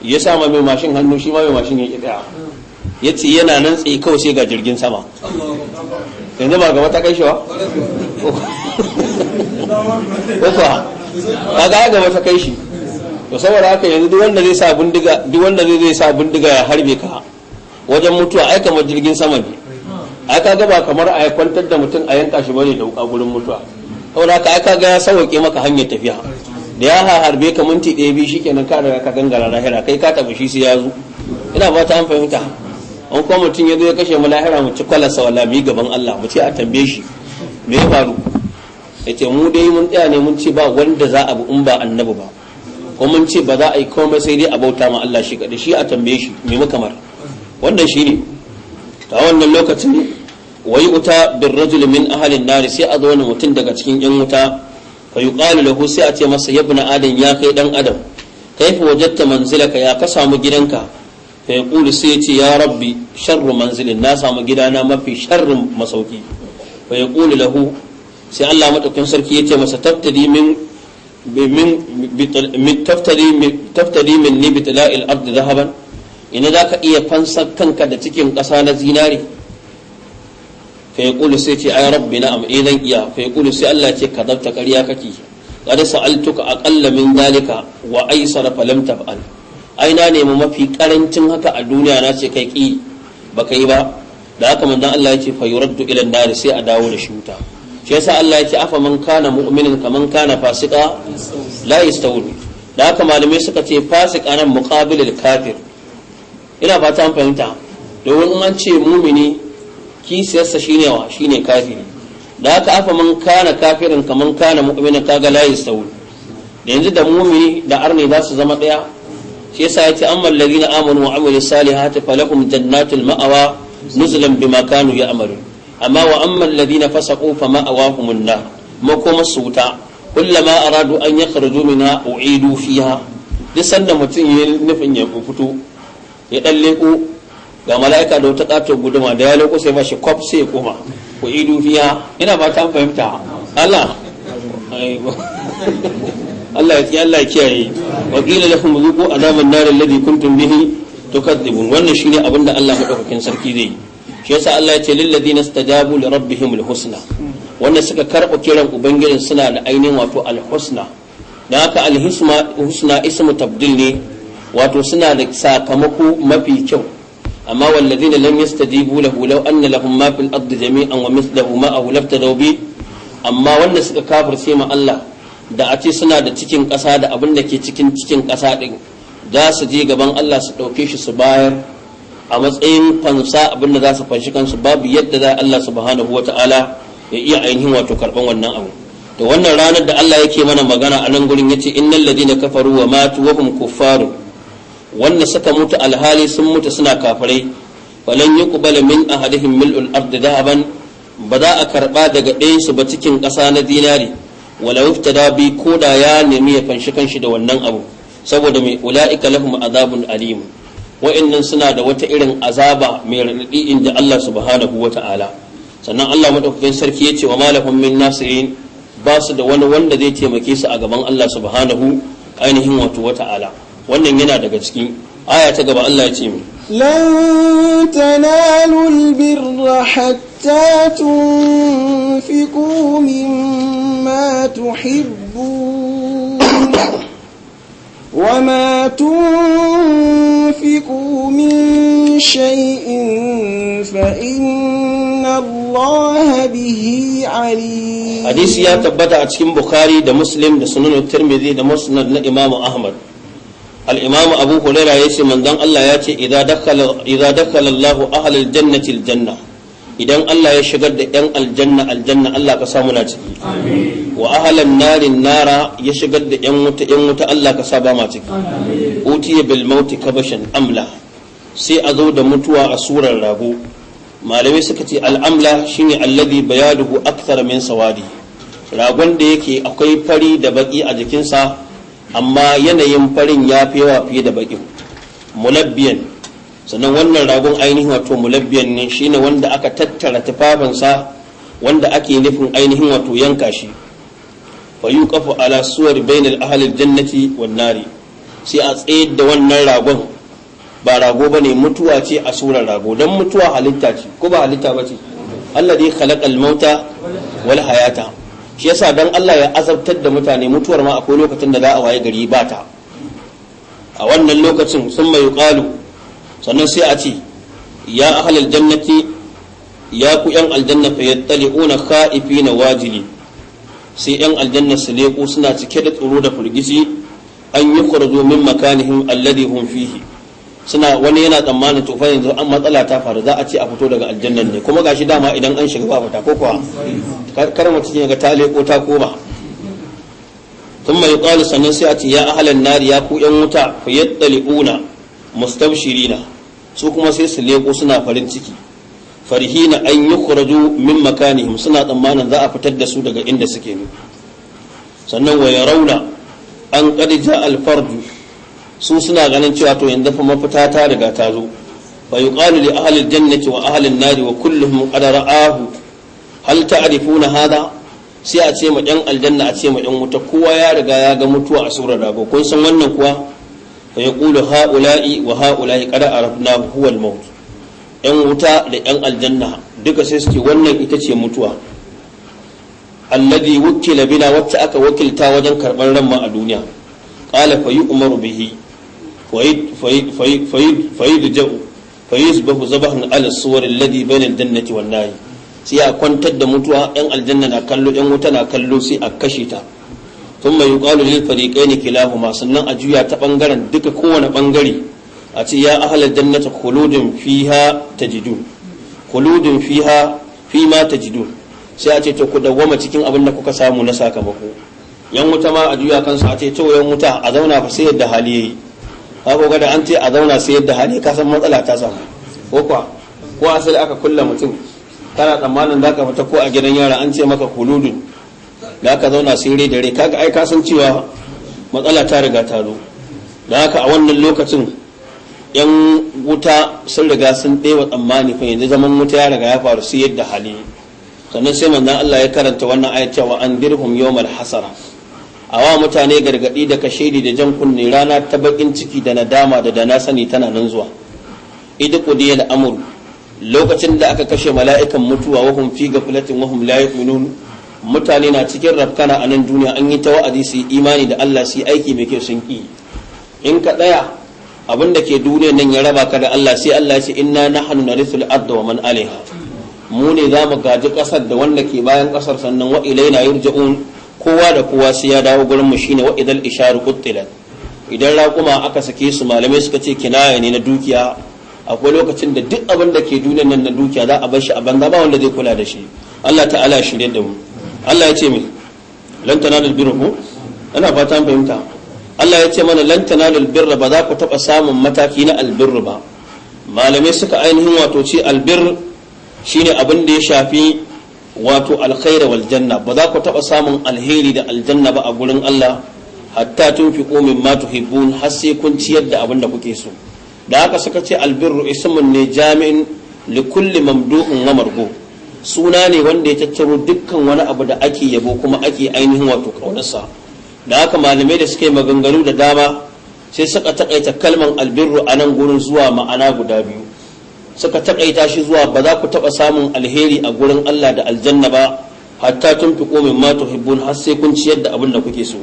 ya sa mai mashin hannu shi ma mai mashin ya kida ya ce yana nan tsaye kawai sai ga jirgin sama yanzu ba gaba ta kai shiwa ufa ba ga gaba ta kai shi to saboda haka yanzu duk wanda zai sa bindiga duk wanda zai sa bindiga ya harbe ka wajen mutuwa ai kamar jirgin sama ne ai kaga ba kamar a kwantar da mutum a yanka shi bane da wuka gurin mutuwa saboda ka aka ga ya sauke maka hanyar tafiya da ya harbe ka minti ɗaya biyu shi kenan ka daga ka gangara lahira kai ka taɓa shi sai ya zo ina ba ta an fahimta an kuma mutum ya zo ya kashe mu lahira mu ci kwalasa wala mu gaban Allah mu ce a tambaye shi me ya faru ce mu dai mun tsaya ne mun ce ba wanda za a bi in ba annabi ba ko mun ce ba za a yi komai sai dai a bauta ma Allah shi kaɗai shi a tambaye shi me mukamar wannan shi ne ta wannan lokacin wai wuta bin rajul min ahli sai a zo wani mutum daga cikin yan wuta fa yuqalu lahu sai a ce masa ya ibn adam ya kai dan adam kaifa wajadta manzilaka ya ka samu gidanka fa yaqulu sai ya ce ya rabbi sharru manzilin na samu gidana mafi sharrin masauki fa yaqulu lahu sai Allah madaukin sarki ya ce masa tabtadi min min taftari min ni bitala'il ina za ka iya fansar kanka da cikin ƙasa na zinari fa yaqulu sai ce ay rabbi na'am eh iya fa yaqulu sai Allah ce kadabta ƙarya kake qad sa'altuka aqalla min dalika wa aysara falam taf'al ai na nemi mafi karancin haka a duniya na ce kai ki baka yi ba da haka manzon Allah ya ce fa yuraddu ila an sai a dawo da shuta shi yasa Allah ya ce afa man kana mu'minin kaman kana fasika la yastawun da haka malamai suka ce fasika nan muqabil kafir ina fata an fahimta domin an ce mumini kisiyarsa shine wa shine kafiri da aka afa man kana kafirin kamar kana mu'minin kaga layi yastawi da yanzu da mumini da arni za su zama ɗaya shi yasa yace amma alladhina amanu wa salihati falakum jannatul ma'awa nuzulan bima kanu ya'malun amma wa amma fasa fasaqu fama'awahumun nar makoma su wuta kullama aradu an yakhruju minha u'idu fiha duk sanda mutum ya nufin ya fito ya dalle ko ga mala'ika da wata katon guduma da ya loko sai mashi kwaf sai kuma ku idu fiya ina ba ta fahimta Allah Allah ya tsaye Allah ya kiyaye wa qila lahum zuqu azaban nar ladi kuntum bihi tukadzibun wannan shine abin da Allah madaukakin sarki zai shi yasa Allah ya ce lil ladina stajabu li rabbihim al husna wannan suka karɓa kiran ubangijin suna da ainihin wato al husna da haka al husna ismu tabdil ne wato suna da sakamako mafi kyau amma walladina lam yastadibu lahu law anna lahum ma fil ardi jami'an wa mithluhu ma'ahu laftadaw bi amma wanda suka sai ma Allah da a ce suna da cikin ƙasa da abin da ke cikin cikin ƙasa din za su je gaban Allah su ɗauke shi su bayar a matsayin fansa abin da za su fanshi kansu babu yadda za Allah subhanahu wata'ala ya iya ainihin wato karɓan wannan abu to wannan ranar da Allah yake mana magana a nan gurin yace innal ladina kafaru wa matu wa hum kuffaru wanda suka mutu alhali sun mutu suna kafirai falan yuqbala min ahadihim mil'ul ardi dahaban ba za a karba daga ɗayan su ba cikin ƙasa na dinari wala yuftada bi da ya nemi ya fanshi kanshi da wannan abu saboda mai ula'ika lahum azabun alim wa'annan suna da wata irin azaba mai raɗaɗi inda Allah subhanahu wa ta'ala sannan Allah madaukakin sarki ya ce wa malahum min nasirin ba su da wani wanda zai taimake su a gaban Allah subhanahu ainihin wata wa ta'ala wannan yana daga ciki. aya ta gaba Allah ya ce mu lan tanalul birra hatta tunfiqu mimma tuhibbun tunfiqu min shay'in fa inna Allaha Bihi, alim hadisi ya tabbata a cikin Bukhari da Muslim da Sunan Tirmidhi da Musnad na imamu Ahmad al'imamu imamu abu huraira ya ce manzon Allah ya ce idan dakhala idza dakhala aljanna ahlal janna idan Allah ya shigar da yan aljanna aljanna Allah ka sa muna ciki wa ahlan narin nara ya shigar da yan wuta yan wuta Allah ka sa ba ma ciki amin utiya bil mauti kabashan amla sai a zo da mutuwa a surar rago malamai suka ce al'amla shine alladhi bayaduhu akthar min sawadi ragon da yake akwai fari da baki a jikinsa amma yanayin farin ya fi yawa fiye da bakin mulabbiyan sannan wannan ragon ainihin wato mulabbiyan ne shine wanda aka tattara tufafinsa wanda ake nufin ainihin wato yanka shi fa kafa ala suwar bainal ahli jannati wan nari sai a tsayar da wannan ragon ba rago ne mutuwa ce a surar rago don mutuwa halitta ce ko ba halitta ce Allah dai khalaqal mauta wal hayata shi yasa dan Allah ya azabtar da mutane mutuwar ma akwai lokacin da za a waye gari ba ta a wannan lokacin sun mai yuqalu sannan sai a ce ya ahlal jannati ya ku yan aljanna fa yattali'una khaifina wajili sai yan aljanna su leko suna cike da tsoro da firgici an yi min makanihim alladhi hum fihi suna wani yana tsammanin tufa yanzu an matsala ta faru za a ce a fito daga aljannan ne kuma gashi dama idan an shiga ba fita ko kuwa kar mutum ga ta leko ta koma tun mai ƙwali sannan sai a ce ya ahalan nari ya ku yan wuta fa yaddali'una mustabshirina su kuma sai su leko suna farin ciki farihina an yi kuraju min makanihim suna tsammanin za a fitar da su daga inda suke ne sannan wa rauna an ƙadija alfardu su suna ganin cewa to yanzu fa mafita ta riga ta zo fa yuqalu li ahli aljannati wa ahli an-nari wa kulluhum qad ra'ahu hal ta'rifuna hadha sai a ce ma yan aljanna a ce ma yan wuta kowa ya riga ya ga mutuwa a surar rago kun san wannan kuwa fa yaqulu ha'ula'i wa ha'ula'i qad arafna huwa al-maut yan wuta da yan aljanna duka sai suke wannan ita ce mutuwa alladhi wukila bina wacce aka wakilta wajen karban ran ma a duniya qala fa yu'maru bihi fayuzbahu zabahan ala suwar alladhi bainal jannati wan nar sai a kwantar da mutuwa yan aljanna na kallo yan wuta na kallo sai a kashe ta thumma yuqalu lil fariqaini kilahuma sannan a juya ta ɓangaren duka kowane bangare a ce ya ahlal jannati khuludun fi ma tajidun sai a ce ta kuɗa dawwama cikin abin da kuka samu na sakamako yan wuta ma a juya kansu a ce ta wuyan wuta a zauna fasayar da yadda hali yayi ka da an ce a zauna sai yadda hali ka san matsala ta samu ko kwa ko asali aka kulla mutum kana tsammanin zaka fita ko a gidan yara an ce maka kuludun da aka zauna sai rai da rai kaga ai ka san cewa matsala ta riga ta zo da haka a wannan lokacin yan wuta sun riga sun ɗewa tsammani kun yanzu zaman wuta ya riga ya faru sai yadda hali sannan sai manzon Allah ya karanta wannan ayat cewa an dirhum yawmal hasara a wa mutane gargaɗi da shaidi da jan kunne rana ta bakin ciki da nadama da dana sani tana nan zuwa idi kudiya da lokacin da aka kashe mala'ikan mutuwa wa fi ghaflatin wa la yu'minun mutane na cikin rafkana a nan duniya an yi ta wa'azi su yi imani da Allah su yi aiki mai kyau sun ki in ka tsaya abin da ke duniya nan ya raba ka da Allah sai Allah ya ce inna nahnu narithul ardh wa man alaiha mu ne za mu gaji kasar da wanda ke bayan kasar sannan wa ilaina yurja'un kowa da kowa sai ya dawo gurin mu shine wa idal isharu quttilat idan raquma aka sake su malamai suka ce kinaya ne na dukiya akwai lokacin da duk abin da ke duniyar nan na dukiya za a bar shi a banza ba wanda zai kula da shi Allah ta'ala shirye da mu Allah ya ce mi lan tanalul birra ko ana fata fahimta Allah ya ce mana lan tanalul birra ba za ku taba samun mataki na albirru ba malamai suka ainihin wato ce albir shine abin da ya shafi wato alkhaira wal janna ba za ku taba samun alheri da aljanna ba a gurin Allah hatta tunfiqu mimma tuhibbun har sai kun ciyar da abin da kuke so da haka suka ce albirru ismun ne jami'in li kulli mamdu'un wa margo suna ne wanda ya tattaro dukkan wani abu da ake yabo kuma ake ainihin wato kaunarsa da haka malamai da suke maganganu da dama sai suka takaita kalman albirru a nan gurin zuwa ma'ana guda biyu suka takaita shi zuwa ba za ku taba samun alheri a gurin Allah da aljanna ba hatta tunfiqu matu hibbun har sai kun ciyar da abin da kuke so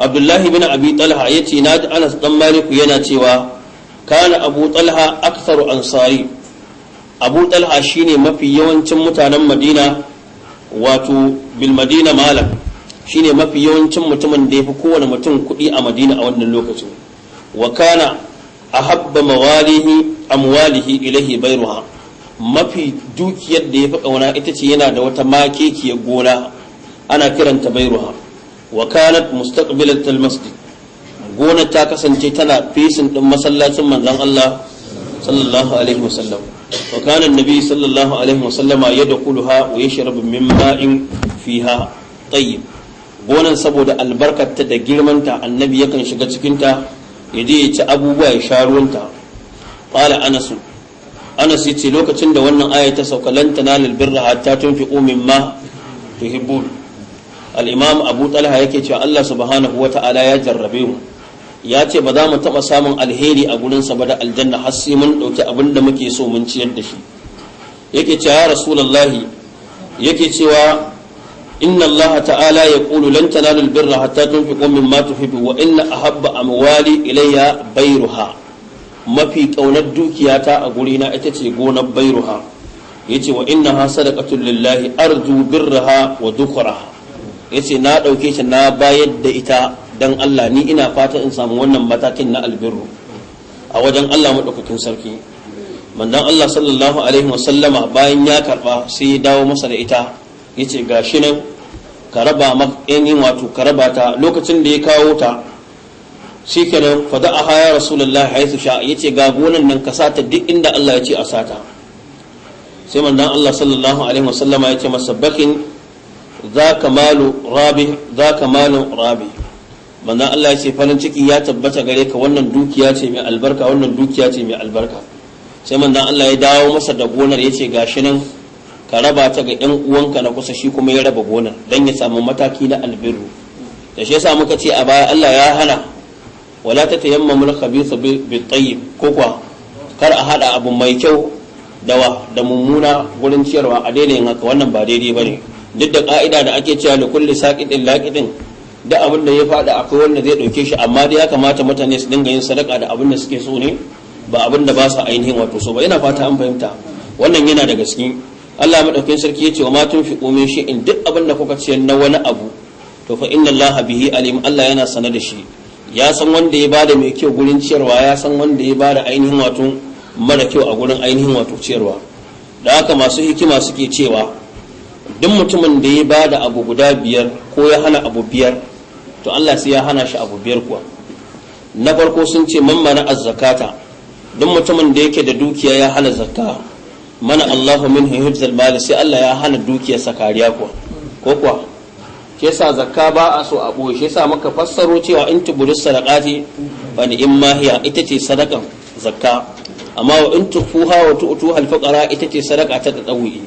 Abdullahi bin Abi Talha yace na ji Anas dan Maliku yana cewa kana Abu Talha aktharu ansari Abu Talha shine mafi yawancin mutanen Madina wato bil Madina malam shine mafi yawancin mutumin da yafi kowane mutum kuɗi a Madina a wannan lokacin wa kana a habba mawalihi amwalihi ilahi bairuha mafi dukiyar da ya fi ƙauna ita ce yana da wata makekiyar gona ana kiranta bairuha wa kanat mustaqbilat almasjid gonar ta kasance tana fesin din masallacin manzon Allah sallallahu alaihi wasallam wa kana annabi sallallahu alaihi wasallama yadkhuluha wa yashrabu min ma'in fiha tayyib gonan saboda albarkarta da girmanta annabi yakan shiga cikinta ya je ya ci abubuwa ya sha ruwanta qala anasu anas ce lokacin da wannan aya ta sauka lan tanalul birra hatta tunfiqu mimma tuhibbun al-imam abu talha yake cewa Allah subhanahu wata'ala ya jarrabe mu ya ce ba za mu taɓa samun alheri a gurinsa ba da aljanna har sai mun ɗauki abin da muke so mun ciyar da shi yake cewa ya rasulallahi yake cewa إن الله تعالى يقول لن تنالوا البر حتى تنفقوا مما تحبوا وإن أحب أموالي إلي بيرها ما في كون الدوكياتا أقولينا إتتي قونا بيرها يتي وإنها صدقة لله أرجو برها وذكرها يتي نا دوكيش نا بايد دئتا dan Allah ni ina fata in samu wannan matakin na albirru a wajen Allah madaukakin sarki manzon Allah sallallahu alaihi wasallama bayan ya karba sai ya dawo masa da ita yace gashi nan ka raba yin wato ka raba ta lokacin da ya kawo ta shikenan fada a haya rasulullah haisu sha yace ga gonan nan ka sata duk inda Allah ya ce a sata sai manzon Allah sallallahu alaihi wasallama yace masa bakin ka malu rabi ka malu rabi manzon Allah yace farin ciki ya tabbata gare ka wannan dukiya ce mai albarka wannan dukiya ce mai albarka sai manzan Allah ya dawo masa da gonar yace gashi nan ka raba ta ga yan uwanka na kusa shi kuma ya raba gonar dan ya samu mataki na albiru da shi yasa muka ce a baya Allah ya hana wala ta tayammamul khabitha bi tayyib ko kwa kar a hada abu mai kyau wa da mummuna gurin ciyarwa a daidai haka wannan ba daidai ba ne duk da ka'ida da ake cewa da kulli saqitin laqitin da abin da ya fada akwai wanda zai dauke shi amma dai ya kamata mutane su dinga yin sadaka da abin da suke so ne ba abin da ba su ainihin wato so ba yana fata an fahimta wannan yana daga gaske Allah madaukin sarki yace wa ma tunfiqu min shay'in duk abin da kuka ciyar na wani abu to fa inna Allah bihi alim Allah yana sanar da shi ya san wanda ya bada mai kyau gurin ciyarwa ya san wanda ya bada ainihin wato mara kyau a gurin ainihin wato ciyarwa da haka masu hikima suke cewa duk mutumin da ya bada abu guda biyar ko ya hana abu biyar to Allah sai ya hana shi abu biyar kuwa na farko sun ce mamman az zakata duk mutumin da yake da dukiya ya hana zakka mana Allahu min al mali sai Allah ya hana dukiyar kariya kuwa ko kuwa ke sa zakka ba a so a boye shi sa maka fassaro cewa in tubudu sadaqati fa ni in mahiya ita ce sadakan zakka amma wa in tufuha wa tu'tu al fuqara ita ce sadaka ta tsawuyi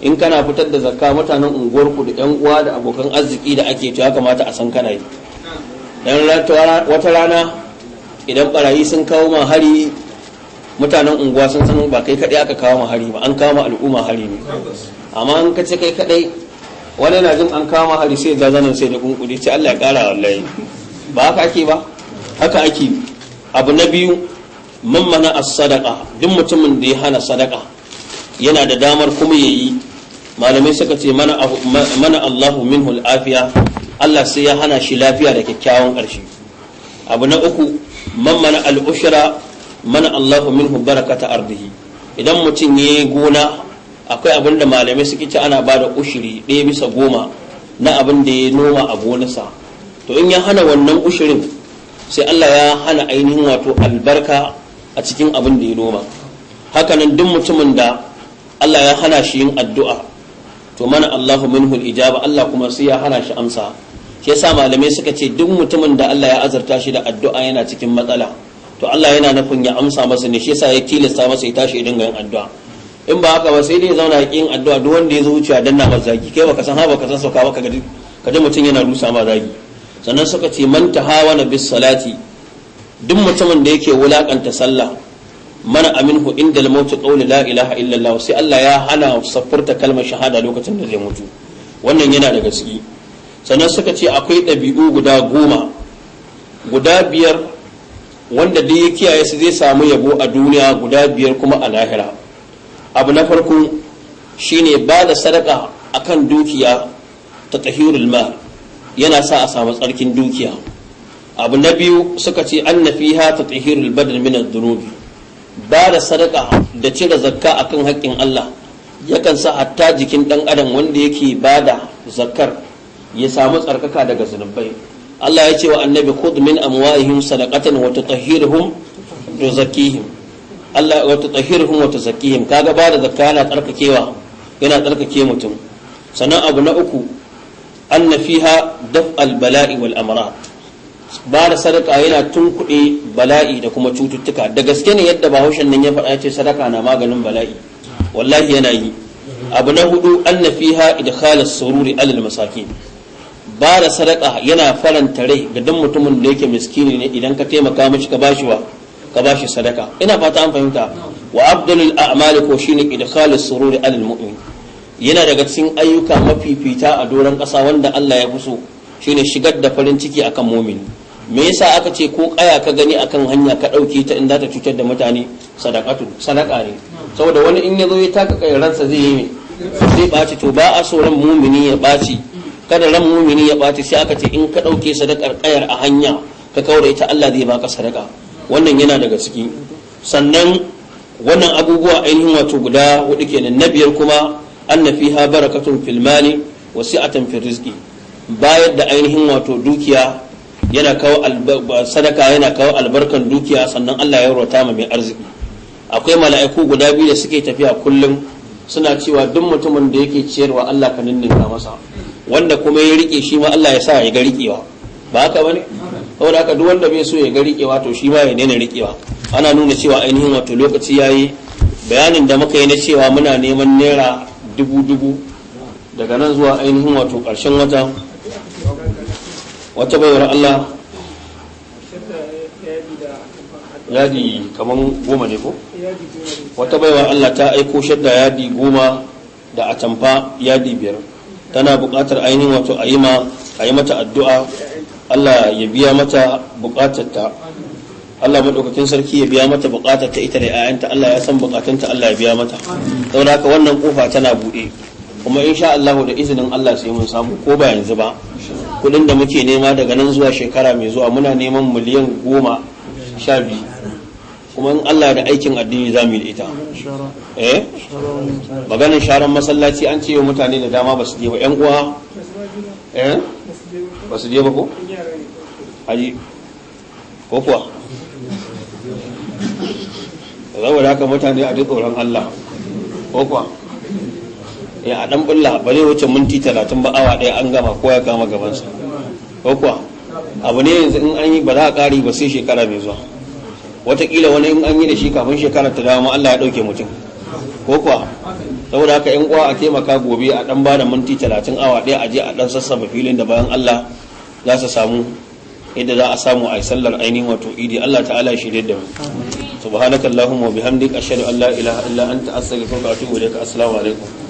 in kana fitar da zakka mutanen unguwar ku da yan uwa da abokan arziki da ake to ya kamata a san kana yi dan wata rana idan barayi sun kawo ma hari mutanen unguwa sun san ba kai kadai aka kawo hari ba an kama al'umma hari ne amma an kace kai kadai wani na jin an kama hari sai zazanan sai da kunkuri ce Allah ya kara wallahi ba haka ake ba haka ake abu na biyu man mana as-sadaqa duk mutumin da ya hana sadaka yana da damar kuma yayi malamai suka ce mana mana Allahu minhu al-afiya Allah sai ya hana shi lafiya da kyakkyawan ƙarshe abu na uku man mana al-ushra mana Allahu minhu barakata ardihi idan mutum ya gona akwai abin da malamai suke ce ana ba da ushiri ɗaya bisa goma na abinda ya noma a gonarsa to in ya hana wannan ushirin sai Allah ya hana ainihin wato albarka a cikin abinda ya noma hakanan duk mutumin da Allah ya hana shi yin addu'a to mana Allahu minhu ijaba Allah kuma sai ya hana shi amsa shi yasa malamai suka ce duk mutumin da Allah ya azarta shi da addu'a yana cikin matsala to Allah yana nufin ya amsa masa ne shi yasa ya tilasta masa ya tashi idan yin addu'a in ba haka ba sai dai ya zauna yin addu'a duk wanda ya zo wuciya na na zagi kai baka san ha baka san sauka baka gadi kaje mutum yana rusa ma zagi sannan suka ce man tahawana bis salati duk mutumin da yake wulakanta sallah mana aminu inda al-mautu qawli la ilaha illa Allah sai Allah ya hana safurta kalmar shahada lokacin da zai mutu wannan yana da ciki sannan suka ce akwai ɗabi'u guda goma guda biyar wanda duk ya kiyaye su zai samu yabo a duniya guda biyar kuma a lahira abu na farko shine ba da sadaka akan dukiya ta tahirul yana sa a samu tsarkin dukiya abu na biyu suka ce an nafiha ta tahirul badal min ad-dunubi ba da sadaka da cire zakka akan haƙƙin Allah yakan sa hatta jikin dan adam wanda yake bada zakkar ya samu tsarkaka daga zunubai Allah ya ce wa annabi khudh min amwalihim sadaqatan wa tutahhiruhum wa zakihim Allah wa tutahhiruhum wa tuzakihim kaga ba da zakka yana tsarkakewa yana tsarkake mutum sannan abu na uku anna fiha daf al bala'i wal amrat ba da sadaka yana tunkuɗe bala'i da kuma cututtuka da gaske ne yadda bahaushen nan ya faɗa ya ce sadaka na maganin bala'i wallahi yana yi abu na hudu anna fiha kala sururi alal masakin ba da sadaka yana faranta rai ga duk mutumin da yake miskini ne idan ka taimaka mishi ka bashi wa ka bashi sadaka ina fata an fahimta wa abdulul a'mali ko shine idkhalu sururi alal mu'min yana daga cikin ayyuka mafifita a doron kasa wanda Allah ya fuso shine shigar da farin ciki akan mumini me yasa aka ce ko kaya ka gani akan hanya ka ɗauke ta in ta cutar da mutane sadaqatu sadaka ne saboda wani in ya zo ya taka kai ransa zai yi zai ɓaci to ba a so mumini ya ɓaci kada ran mumini ya ɓaci sai aka ce in ka ɗauke sadakar ƙayar a hanya ka kaure ta Allah zai baka sadaka wannan yana daga ciki sannan wannan abubuwa ainihin wato guda hudu kenan na biyar kuma anna fiha barakatun fil mali wa si'atan fil rizqi bayar da ainihin wato dukiya yana kawo sadaka yana kawo albarkan dukiya sannan Allah ya rota ma mai arziki akwai mala'iku guda biyu da suke tafiya kullum suna cewa duk mutumin da yake ciyarwa Allah ka ninninka masa wanda kuma ya rike shi ma Allah ya sa ya ga rikewa ba haka bane saboda haka duk wanda bai so ya ga rikewa to shi ma ya nena rikewa ana nuna cewa ainihin wato lokaci yayi bayanin da muka yi na cewa muna neman naira dubu dubu daga nan zuwa ainihin wato karshen wata wata bayar Allah yadi kamar goma ne ko wata baiwa Allah ta aiko shadda yadi goma da atamfa yadi biyar tana buƙatar ainihin wato a yi mata addu'a Allah ya biya mata buƙatarta Allah maɗaukakin sarki ya biya mata ta ita da 'ya'yanta Allah ya san buƙatunta Allah ya biya mata saboda haka wannan kofa tana buɗe kuma insha Allah da izinin Allah sai mun samu ko ba yanzu ba kuɗin da muke nema daga nan zuwa shekara mai zuwa muna neman miliyan goma sha biyu kuma in Allah da aikin addini za mu yi ita eh maganin sharan masallaci an ce wa mutane da dama ba su je ba yan uwa eh ba su je ba ko aji ko kuwa zama da haka mutane a duk tsoron Allah ko kuwa ya eh, a dan bulla ba zai wuce minti talatin ba awa ɗaya an gama ko ya kama gabansa ko kuwa abu ne yanzu in an yi ba za a ƙari ba sai shekara mai zuwa watakila wani in an yi da shi kafin shekarar ta dama Allah ya ɗauke mutum ko kuwa saboda haka yan uwa a taimaka gobe a dan bada minti talatin awa ɗaya a je a dan sassafa filin da bayan Allah za su samu yadda za a samu a sallar ainihin wato idi Allah ta'ala ya shirye da mu subhanakallahumma wa bihamdika ashhadu an la ilaha illa anta astaghfiruka wa atubu ilaik assalamu alaikum